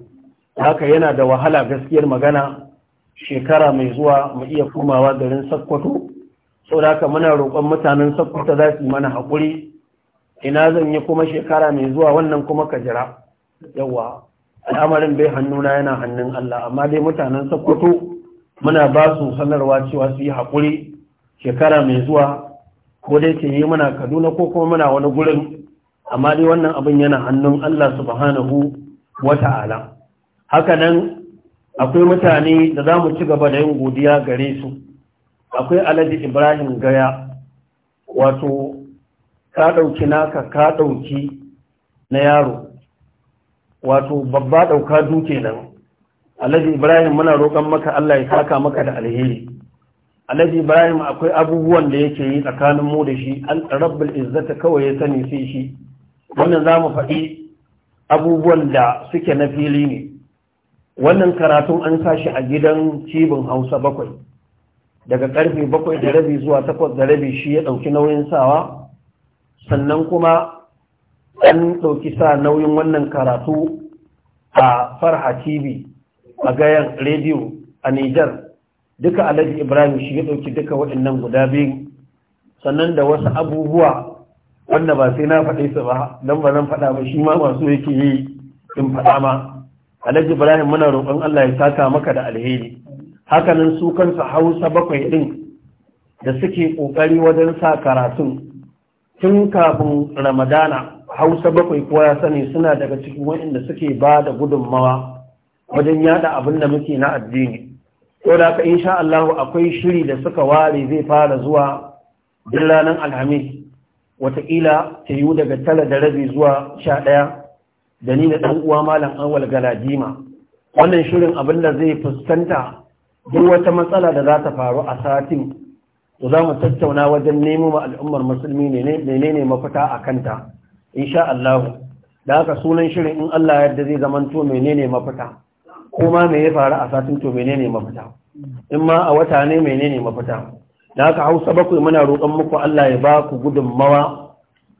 haka yana da wahala gaskiyar magana shekara mai zuwa mu iya komawa garin sakkwato saboda haka muna roƙon mutanen sakkwato za su mana haƙuri ina zan yi kuma shekara mai zuwa wannan kuma ka jira yawa al'amarin bai hannu na yana hannun Allah amma dai mutanen sakkwato muna ba su sanarwa cewa su yi haƙuri shekara mai zuwa ko dai ta yi muna kaduna ko kuma muna wani gurin amma dai wannan abin yana hannun Allah subhanahu wa ta'ala haka nan akwai mutane da za mu ci gaba da yin godiya gare su akwai alhaji ibrahim gaya wato ka ɗauki naka ka ɗauki na yaro wato babba ɗauka duke nan alhaji ibrahim muna roƙon maka allah ya saka maka da alheri alhaji ibrahim akwai abubuwan da yake yi tsakanin mu da shi an rabbul izzata kawai ya sani sai shi wannan za mu faɗi abubuwan da suke na fili ne wannan karatun an sa a gidan cibin hausa bakwai daga karfe bakwai da rabi zuwa takwas da rabi shi ya ɗauki nauyin sawa sannan kuma an ɗauki sa nauyin wannan karatu a farha tv a gayan rediyo a nijar duka alhaji ibrahim shi ya ɗauki duka waɗannan guda biyu sannan da wasu abubuwa wanda ba sai na faɗe su ba don ba zan faɗa ba shi ma masu yake yi in faɗa ma alhaji ibrahim muna roƙon allah ya saka maka da alheri hakanan su kansa hausa bakwai ɗin da suke ƙoƙari wajen sa karatun tun kafin ramadana hausa bakwai kowa ya sani suna daga cikin waɗanda suke ba da gudunmawa wajen yada abin da muke na addini ko da haka insha Allah akwai shiri da suka ware zai fara zuwa duk ranar alhamis wataƙila ta yi daga tala da rabi zuwa sha ɗaya da ni da ɗan uwa malam awal galadima wannan shirin abin da zai fuskanta duk wata matsala da za ta faru a satin to za mu tattauna wajen nemo ma al'ummar musulmi ne ne mafita a kanta insha Allah da haka sunan shirin in Allah yadda zai zamanto menene mafita ko ma me ya faru a satin to menene mafita in ma a wata ne menene mafita da haka Hausa bakwai muna roƙon muku Allah ya ba ku gudunmawa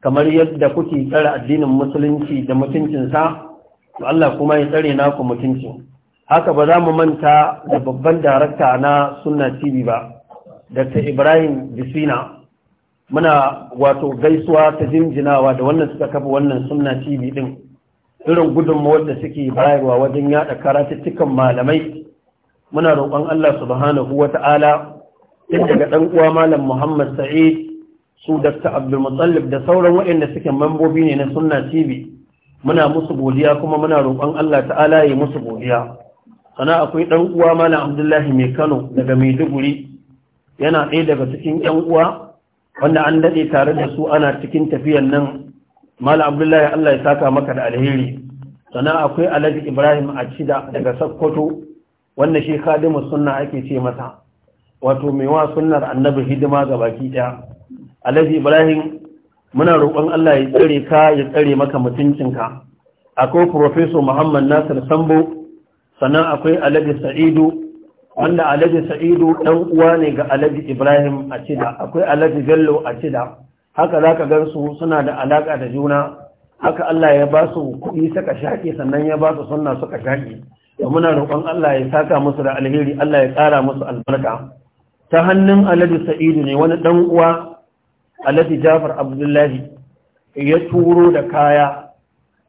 kamar yadda kuke tsara addinin musulunci da mutuncinsa to Allah kuma ya tsare naku mutunci. haka ba za mu manta da babban darakta na sunna tv ba dr ibrahim bisina muna wato gaisuwa ta jinjinawa da wannan suka kafa wannan sunna tv ɗin. irin gudunmu da suke bayarwa wajen yada karatuttukan malamai muna roƙon Allah subhanahu wata'ala tun daga ɗan uwa malam Muhammad Sa'id su Dr. da sauran waɗanda suke mambobi ne na Sunna TV muna musu godiya kuma muna roƙon Allah ta'ala ya musu godiya sana akwai ɗan uwa mana Abdullahi mai Kano daga Maiduguri yana ɗaya daga cikin ƴan uwa wanda an daɗe tare da su ana cikin tafiyar nan Malam Abdullahi Allah ya saka maka da alheri sana akwai Alhaji Ibrahim Acida daga Sokoto wanda shi khadimu sunna ake ce masa wato mai wa sunnar annabi hidima ga baki ɗaya alhaji ibrahim muna roƙon Allah ya tsare ka ya tsare maka mutuncinka akwai profeso muhammad nasir sambo sannan akwai alhaji sa'idu wanda alhaji sa'idu ɗan uwa ne ga alhaji ibrahim a cida akwai alhaji bello a cida haka za ka su suna da alaƙa da juna haka Allah ya ba su kuɗi suka shaƙe sannan ya ba su suna suka shaƙe da muna roƙon Allah ya saka musu da alheri Allah ya ƙara musu albarka ta hannun alhaji sa'idu ne wani ɗan uwa alhaji jafar abdullahi ya turo da kaya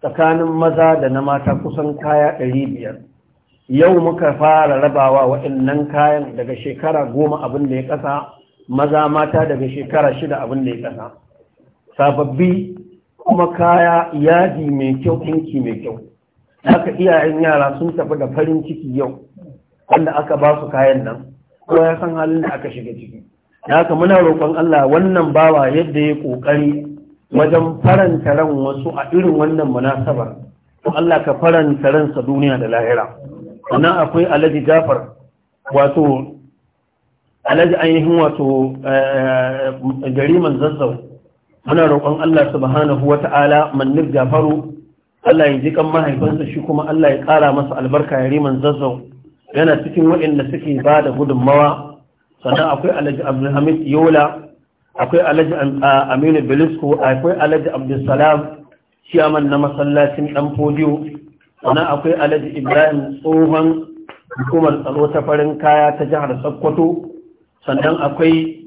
tsakanin maza da na mata kusan kaya ɗari biyar. yau muka fara rabawa waɗannan kayan daga shekara goma abin da ya ƙasa maza mata daga shekara shida abin da ya ƙasa sababbi kuma kaya yaji mai kyau ɗinki mai kyau haka iyayen yara sun tafi da farin ciki yau wanda aka ba su kayan nan kuma ya san halin da aka shiga ciki haka muna roƙon Allah wannan bawa yadda ya ƙoƙari wajen faranta ran wasu a irin wannan munasabar to Allah ka faranta ransa duniya da lahira sannan akwai alaji Jafar wato alaji ainihin wato eh, man zazzau muna roƙon Allah subhanahu ta'ala mannif Jafaru Allah ya ji kan mahaifinsa shi kuma Allah ya ƙara masa albarka ya riman zazzau yana cikin waɗanda suke ba da gudunmawa sannan akwai alhaji abdulhamid yola akwai alhaji aminu bilisko akwai alhaji abdulsalam ciyaman na masallacin dan fodiyo sannan akwai alhaji ibrahim tsohon hukumar tsaro ta farin kaya ta jihar sokoto sannan akwai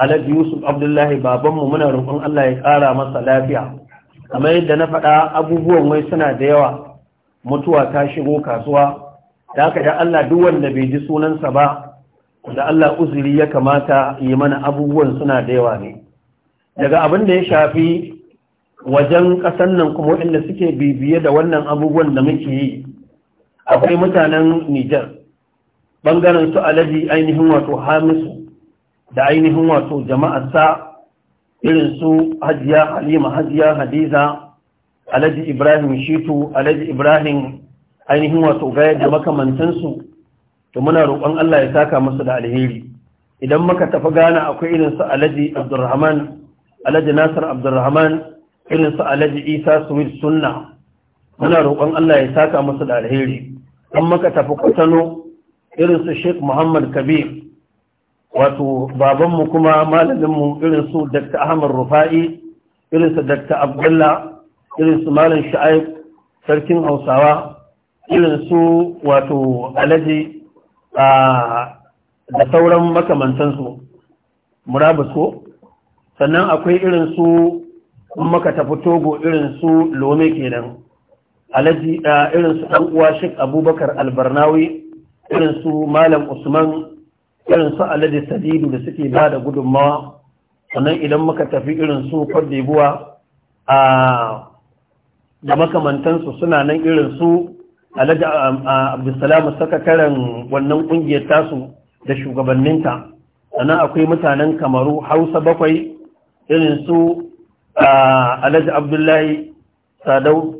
alhaji yusuf abdullahi babanmu muna roƙon allah ya ƙara masa lafiya kamar yadda na faɗa abubuwan wai suna da yawa mutuwa ta shigo kasuwa da haka da allah duk wanda bai ji sunansa ba da Allah uzuri ya kamata yi mana abubuwan suna da yawa ne daga abin da ya shafi wajen ƙasan nan kuma waɗanda suke bibiye da wannan abubuwan da muke yi akwai mutanen Nijar ɓangaren su alaji ainihin wato hamisu da ainihin wato jama'arsa irin su hajiya halima hajiya hadiza alaji ibrahim shitu alaji ibrahim ainihin wato gaya da makamantansu to muna roƙon Allah ya saka musu da alheri idan muka tafi Ghana akwai irin su Alhaji Abdulrahman Alhaji Nasir Abdulrahman irin su Alhaji Isa Suwid Sunna muna roƙon Allah ya saka musu da alheri an maka tafi kwatano irin su Sheikh Muhammad Kabir wato babanmu kuma malaminmu irin su Dr. Ahmad Rufa'i irin su Dr. Abdullah irin su Malam Sha'ib sarkin Hausawa irin su wato Alhaji da sauran makamantansu murabus sannan akwai irin su maka tafi togo irin su lome kenan alaji irin su ɗan uwa shek abubakar albarnawi irin su malam usman irin su alaji sadidu da suke ba da gudunmawa sannan idan maka tafi irin su kwadebuwa a da makamantansu suna nan irin su alhaji abdulsalam sakataren wannan ƙungiyar tasu da shugabanninta sannan akwai mutanen kamaru hausa bakwai irin su alhaji abdullahi sadau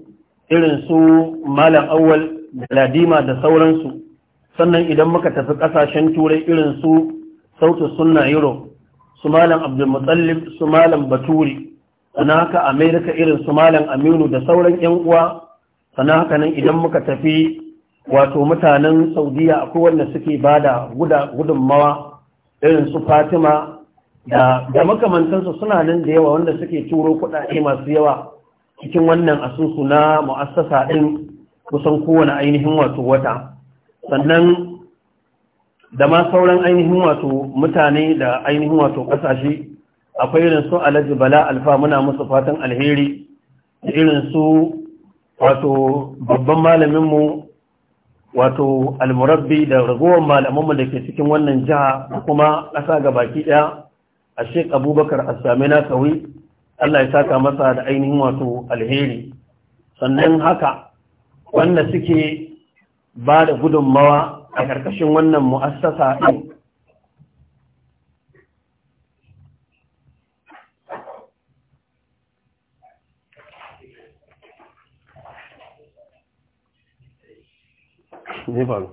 irin su malam awal da ladima da sauransu sannan idan muka tafi kasashen turai irin su sautu sunna europe su malam abdulmutsallim su malam baturi sannan haka Amerika, irin su malam aminu da sauran yan uwa sannan haka nan idan muka tafi wato mutanen saudiya akwai wanda suke ba da gudunmawa irin su fatima da makamantansu suna nan da yawa wanda suke turo kuɗaɗe masu yawa cikin wannan asusu na mu'assasa ɗin kusan kowane ainihin wato wata sannan da ma sauran ainihin wato mutane da ainihin wato ƙasashe akwai irin su alhaji bala alfa muna musu fatan alheri da irin su wato babban malaminmu wato almurabbi da ragowar malamanmu da ke cikin wannan jiha kuma ƙasa ga baki ɗaya a sheik abubakar assamina kawai allah ya saka masa da ainihin wato alheri sannan haka wanda suke ba da gudunmawa a ƙarƙashin wannan mu'assasa ɗin ne faru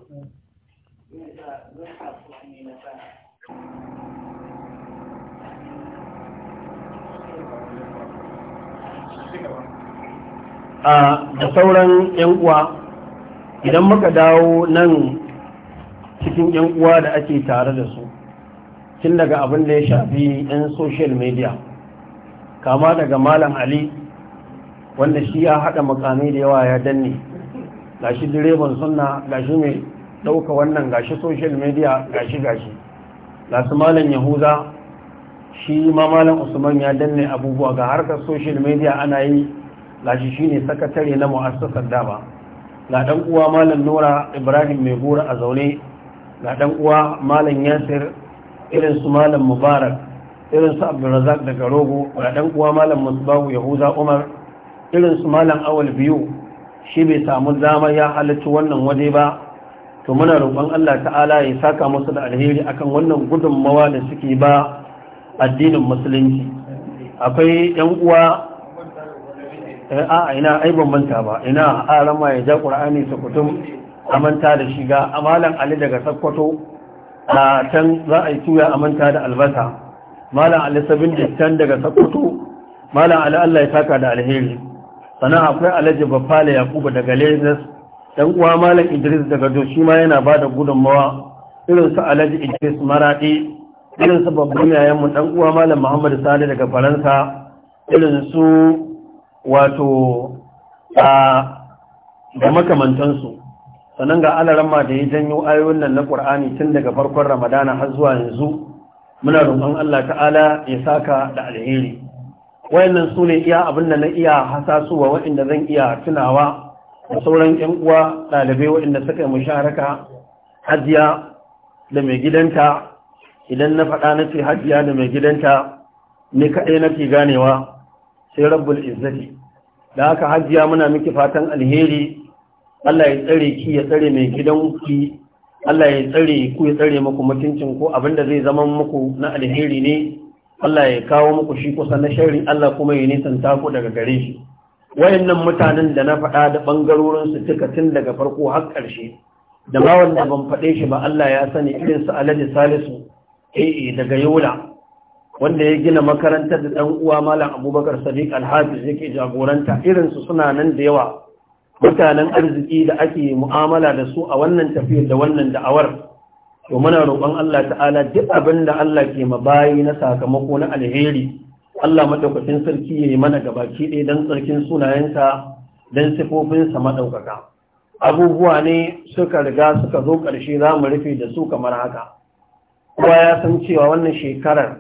a da sauran 'yan uwa idan muka dawo nan cikin 'yan uwa da ake tare da su tun daga abin da ya shafi 'yan social media kama daga malam ali wanda shi ya haɗa makamai da yawa ya danne gashi direban sunna gashi mai ɗauka wannan gashi social media gashi gashi gasu malam yahuza shi ma malam usman ya danne abubuwa ga harkar social media ana yi gashi shine sakatare na mu'assasar dama ga dan uwa malam nura ibrahim mai gora a zaune ga dan uwa malam yasir irin su malam mubarak irin su abdulrazak daga rogo ga dan uwa malam musbahu yahuza umar irin su malam awal biyu shi bai samu dama ya halarci wannan waje ba to muna roƙon Allah ta'ala ya saka musu da alheri akan wannan gudunmawa da suke ba addinin musulunci akwai yan uwa eh, a ina ai ban manta ba ina a rama ya ja qur'ani su kutum a manta da shiga amalan ali daga sakkwato a can za a yi tuya manta da albasa malam ali sabin da can daga sakkwato malam ali Allah ya saka da alheri sannan akwai alhaji bafala yakubu daga lagos dan uwa malam idris daga do shi ma yana ba da gudunmawa irin su alhaji idris maraɗi irin su babban yayan mu dan uwa malam muhammad sale daga faransa irin su wato a da makamantansu sannan ga alaramma da ya janyo ayoyin nan na ƙur'ani tun daga farkon ramadana har zuwa yanzu muna roƙon allah ta'ala ya saka da alheri wayannan su ne iya abin da na iya hasasuwa waɗanda zan iya tunawa da sauran yan uwa ɗalibai waɗanda suka yi musharaka hajiya da mai gidanta idan na faɗa na ce hajiya da mai gidanta ni kaɗai nake ganewa sai rabbul izzati da haka hajiya muna miki fatan alheri Allah ya tsare ki ya tsare mai gidan ki Allah ya tsare ku ya tsare muku mutuncin ku da zai zama muku na alheri ne Allah ya kawo muku shi kusa na shari Allah kuma ya nisanta ku daga gare shi wayannan mutanen da na faɗa da ɓangarorin su duka tun daga farko har ƙarshe da ma wanda ban faɗe shi ba Allah ya sani irin su Alhaji Salisu eh, eh daga Yola wanda ya gina makarantar da ɗan uwa Malam Abubakar Sadiq Alhaji yake jagoranta irin su suna nan da yawa mutanen arziki da ake mu'amala da su a wannan tafiyar da wannan da'awar to muna roƙon Allah ta'ala duk abin da Allah ke ma bayi na sakamako na alheri Allah madaukakin sarki ya yi mana gabaki ɗaya don tsarkin sunayensa don sifofinsa maɗaukaka abubuwa ne suka riga suka zo ƙarshe za mu rufe da su kamar haka kowa ya san cewa wannan shekarar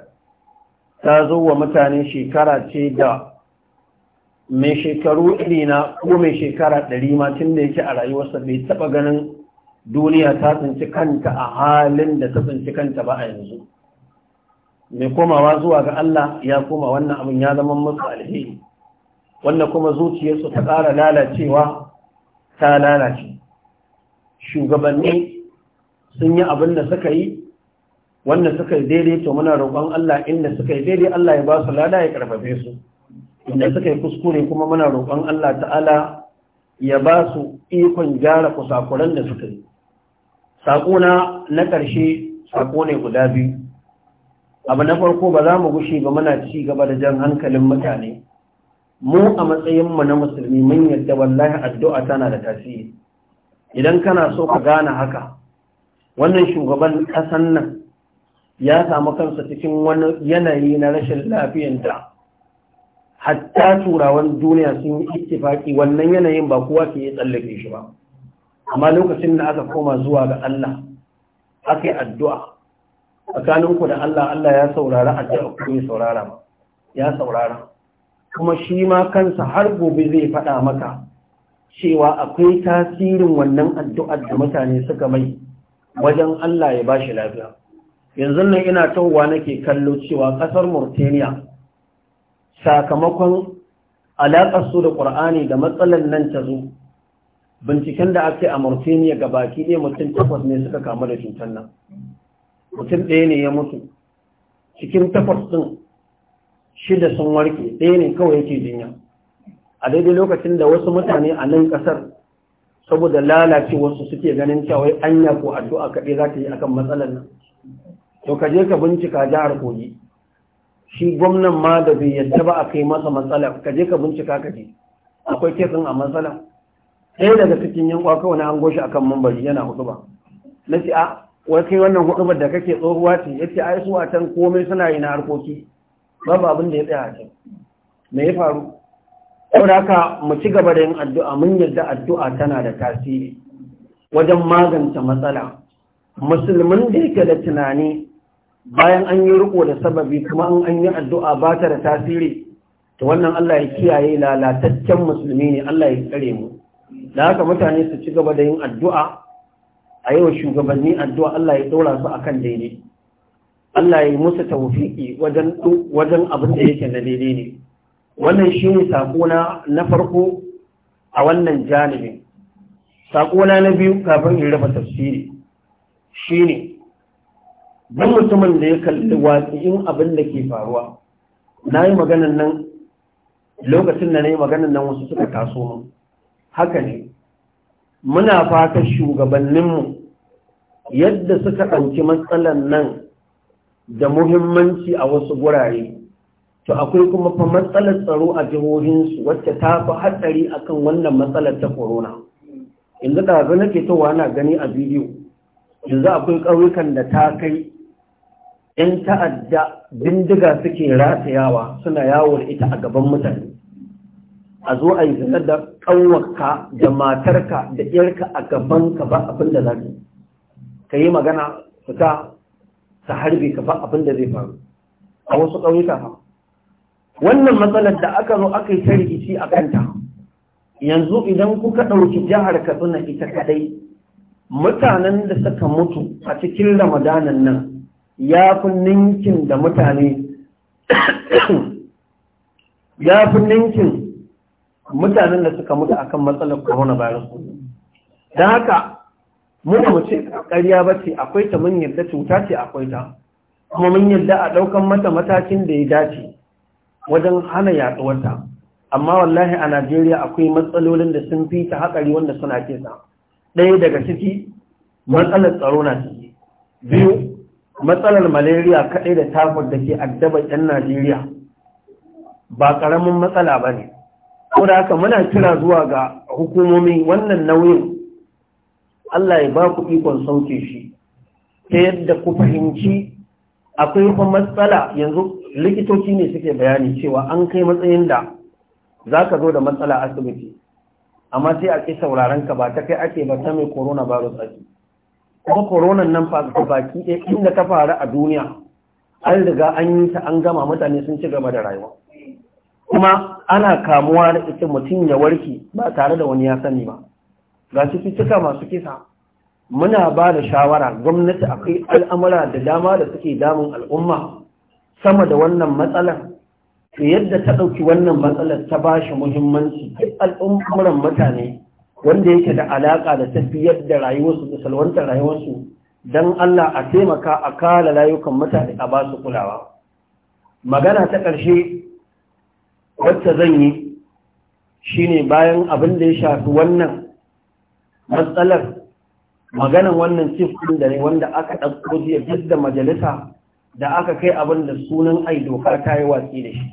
ta zo wa mutane shekara ce da mai shekaru iri na ko mai shekara ɗari ma tun da yake a rayuwarsa bai taɓa ganin duniya ta tsinci kanta a halin da ta tsinci kanta ba a yanzu mai komawa zuwa ga Allah ya koma wannan abin ya zama musu alheri wanda kuma zuciyarsu ta ƙara lalacewa ta lalace shugabanni sun yi abin da suka yi wanda suka yi daidai to muna roƙon Allah inda suka yi daidai Allah ya ba su lada ya karfafe su inda suka yi kuskure kuma muna roƙon Allah ta'ala ya ba su ikon gyara kusakuran da suka yi saƙona na ƙarshe saƙo ne guda biyu abu na farko ba za mu gushe ba muna ci gaba da jan hankalin mutane mu a matsayinmu na musulmi mun yadda wallahi addu'a tana da tasiri idan kana so ka gane haka wannan shugaban ƙasan nan ya samu kansa cikin wani yanayi na rashin lafiyanta hatta turawan duniya sun yi ittifaki wannan yanayin ba kowa ke yi tsallake shi ba amma lokacin da aka koma zuwa ga Allah aka yi addu'a tsakaninku da Allah Allah ya saurara addu'a ku kuma saurara ba ya saurara kuma shi ma kansa har gobe zai faɗa maka cewa akwai tasirin wannan addu'ar da mutane suka mai wajen Allah ya bashi lafiya yanzu nan ina tauwa nake kallo cewa ƙasar Mauritania sakamakon alaƙar su da ƙur'ani da matsalar nan ta zo binciken da ake a Mauritania ga baki ɗaya mutum takwas ne suka kamu da cutar nan mutum ɗaya ne ya mutu cikin takwas ɗin shida sun warke ɗaya ne kawai yake jinya a daidai lokacin da wasu mutane a nan ƙasar saboda lalace wasu suke ganin cewa anya ko addu'a kaɗai za ta yi akan matsalar nan to ka je ka bincika jihar kogi shi gwamnan ma da bai yadda ba a kai masa matsala ka je ka bincika ka je akwai kesin a matsala ɗaya daga cikin yan kawai na an goshi akan mambari yana ba. na ce a wai kai wannan ba da kake tsohuwa ce ya ce ai can komai suna yi na harkoki babu abin da ya tsaya a can me ya faru da haka mu ci gaba da yin addu'a mun yadda addu'a tana da tasiri wajen magance matsala musulmin da yake da tunani bayan an yi riko da sababi kuma an yi addu'a ba ta da tasiri to wannan Allah ya kiyaye lalataccen musulmi ne Allah ya tsare mu da haka mutane su ci gaba da yin addu'a a yau shugabanni addu'a Allah ya ɗora su a kan daidai Allah ya yi musu tawfiki wajen abin da yake na daidai ne wannan shi ne saƙona na farko a wannan janibin saƙona na biyu kafin in raba tafsiri shi ne. duk mutumin da ya kalli yin abin da ke faruwa na yi maganan nan lokacin da na yi maganan nan wasu suka taso mun haka ne muna fata shugabanninmu yadda suka ɗauki matsalan nan da muhimmanci a wasu gurare to akwai kuma fa matsalar tsaro a jihohinsu wacce ta fi hatsari kan wannan matsalar ta corona yanzu ɗazu nake towa na gani a bidiyo yanzu akwai ƙauyukan da ta kai 'yan ta'adda bindiga suke ratayawa suna yawon ita a gaban mutane a zo a yi sanar da ƙanwarka da matarka da ƴarka a gaban ka ba abin da za ka ka yi magana fita ta harbe ka ba abin da zai faru a wasu ƙauyuka fa wannan matsalar da aka zo aka yi ta rikici a kanta yanzu idan kuka ɗauki jihar katsina ita kaɗai mutanen da suka mutu a cikin ramadanan nan ya fi ninkin da mutane ya fi ninkin mutanen da suka mutu akan matsalar coronavirus don haka mun mu ce ƙarya ba ce akwai ta mun yarda cuta ce akwai ta kuma mun yarda a ɗaukan mata matakin da ya dace wajen hana yaɗuwarta amma wallahi a najeriya akwai matsalolin da sun fi ta haƙari wanda suna kesa ɗaya daga ciki matsalar tsaro na ciki biyu matsalar malaria kaɗai da tafur da ke addaba 'yan najeriya ba ƙaramin matsala ba ne da haka muna kira zuwa ga hukumomi wannan nauyin Allah ya ba ku ikon sauke shi ta yadda ku fahimci akwai kuma matsala yanzu likitoci ne suke bayani cewa an kai matsayin da za ka zo da matsala asibiti amma sai a ƙi sauraron ka ba ta kai ake ba ta mai korona coronavirus ake kuma koronan nan baki ɗaya inda ta faru a duniya an riga an yi ta an gama mutane sun ci gaba da rayuwa kuma ana kamuwa da ita mutum ya warke ba tare da wani ya sani ba ga cututtuka masu kisa muna ba da shawara gwamnati akwai al'amura da dama da suke damun al'umma sama da wannan matsalar ta yadda ta ɗauki wannan matsalar ta ba shi muhimmanci duk al'umuran mutane wanda yake da alaƙa da tafiyar da rayuwarsu da salwantar rayuwarsu don Allah a taimaka a kala layukan mutane a ba su kulawa magana ta ƙarshe wacce zan yi shi ne bayan abin da ya shafi wannan matsalar maganan wannan cif ɗin da ne wanda aka ɗauko jiya duk da majalisa da aka kai abin da sunan ai doka ta yi watsi da shi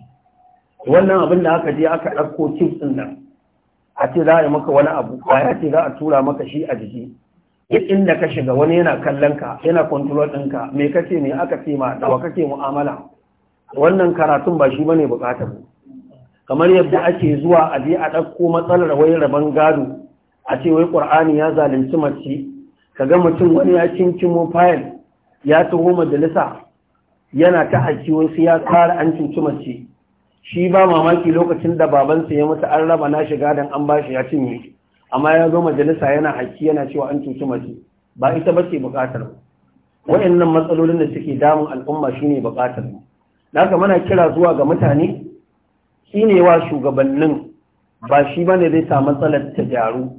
wannan abin da aka je aka ɗauko cif ɗin nan a ce za a yi maka wani abu ya ce za a tura maka shi a jiki duk inda ka shiga wani yana kallon ka yana kwantulo ɗinka me kace ne aka ce ma da wa kake mu'amala wannan karatun ba shi bane bukatar mu kamar yadda ake zuwa a je a ɗauko matsalar wai rabon gado a ce wai ƙur'ani ya zalunci mace ka kaga mutum wani ya mu fayil ya taho majalisa yana ta haƙi wasu ya kara an cinci mace shi ba mamaki lokacin da babansa ya mutu an raba nashi gadon an bashi ya cinye amma ya zo majalisa yana haƙi yana cewa an cinci mace ba ita bace buƙatar wa'annan matsalolin da suke damun al'umma shine buƙatar mu da haka muna kira zuwa ga mutane wa shugabannin ba shi ba ne zai samu matsalar ta gyaru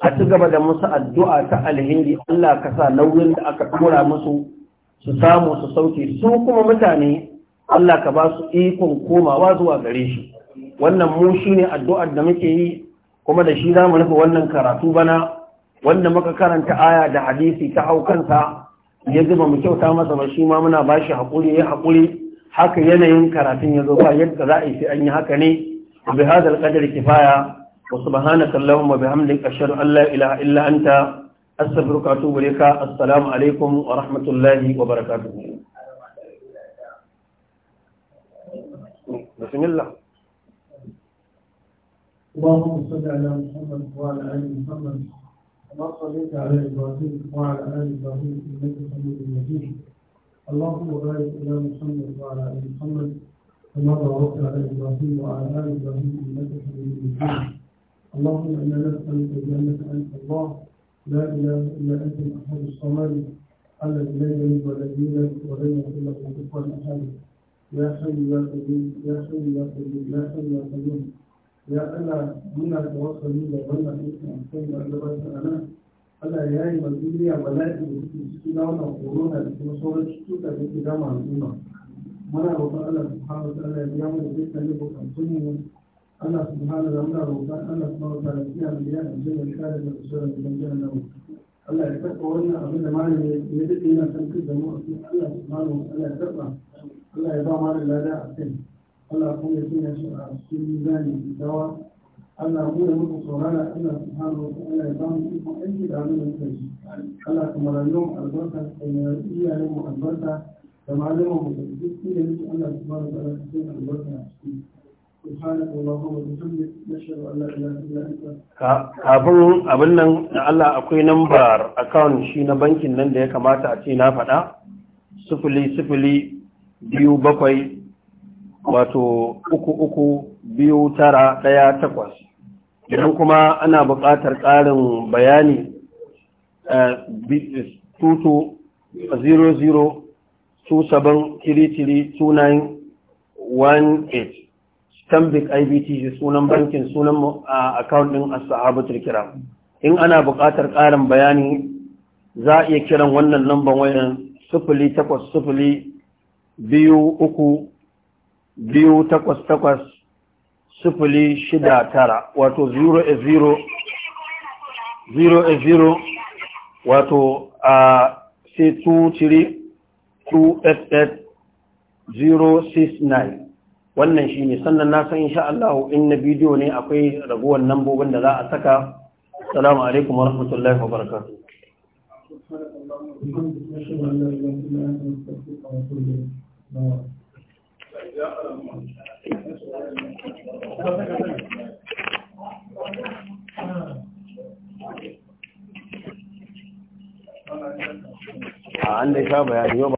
a ci gaba da musu addu'a ta alheri Allah ka sa nauyin da aka ɗora musu su samu su sauke su kuma mutane Allah ka ba su ikon komawa zuwa gare shi wannan mu shi ne addu'ar da muke yi kuma da shi za mu rufe wannan karatu bana wanda muka karanta aya da hadisi ta haukansa ya zuba mu kyauta masa ba shi ma muna ba shi haƙuri ya haƙuri haka yanayin karatun ya zo ba yadda za a yi sai an yi haka ne bi hada qadri kifaya wa subhanaka allahumma bihamdika ashhadu an la ilaha illa anta astaghfiruka wa atubu ilayka assalamu alaikum wa rahmatullahi wa barakatuh بسم الله اللهم صل على محمد وعلى ال محمد كما صليت على ابراهيم وعلى ال ابراهيم انك حميد مجيد اللهم بارك على محمد وعلى ال محمد كما باركت على ابراهيم وعلى ال ابراهيم انك حميد مجيد اللهم انا نسالك بانك انت الله لا اله الا انت الاحد الصمد الذي لا يلد ولا يولد ولا يكن له كفوا احد يا حي يا قديم يا حي يا قديم يا حي يا قديم يا الا منا توصل الى ظن انت احسن الا بس انا Allah ya yi masu duniya bala'i da suke ciki na wannan corona da kuma sauran cututtuka da ke dama al'umma muna roƙon Allah subhanahu wa ta'ala ya biya mu da dukkan bukatun mu Allah subhanahu wa ta'ala roƙon Allah subhanahu wa ta'ala ya biya mu da kare da sauran gidan jannatu Allah ya karɓa wannan abin da malami ya daɗe yana san kai da mu a cikin Allah subhanahu wa ta'ala ya karɓa Allah ya ba malami lada a kai Allah kuma ya sanya shi a cikin zani dawa Allah ya muku saurara Allah subhanahu wa ta'ala ya ba mu iko aiki da abin da muka yi Allah kuma rayuwar albarka da iyayen mu albarka da malaman mu da duk inda yake Allah subhanahu wa ta'ala ya yi albarka a ciki سبحانك اللهم وبحمدك نشهد ان لا اله الا انت kafin abin nan da Allah akwai nambar account shi na bankin nan da ya kamata a ce na faɗa sifili sifili biyu bakwai wato uku uku biyu tara ɗaya takwas idan kuma ana buƙatar ƙarin bayani tutu 00 27 tiri stambic stanbic ibtc sunan bankin sunan account ɗin asahabatul turkira in ana buƙatar ƙarin bayani za a iya kiran wannan lambar wayan sufuli takwas sufuli biyu uku biyu takwas takwas sifili shida tara wato 0 0 e e wato a sai nine wannan shi ne sannan na san insha Allah in na bidiyo ne akwai raguwar lambobin da za a saka salamu alaikum wa rahmatullahi wa barakatuh an dai sha bayani yau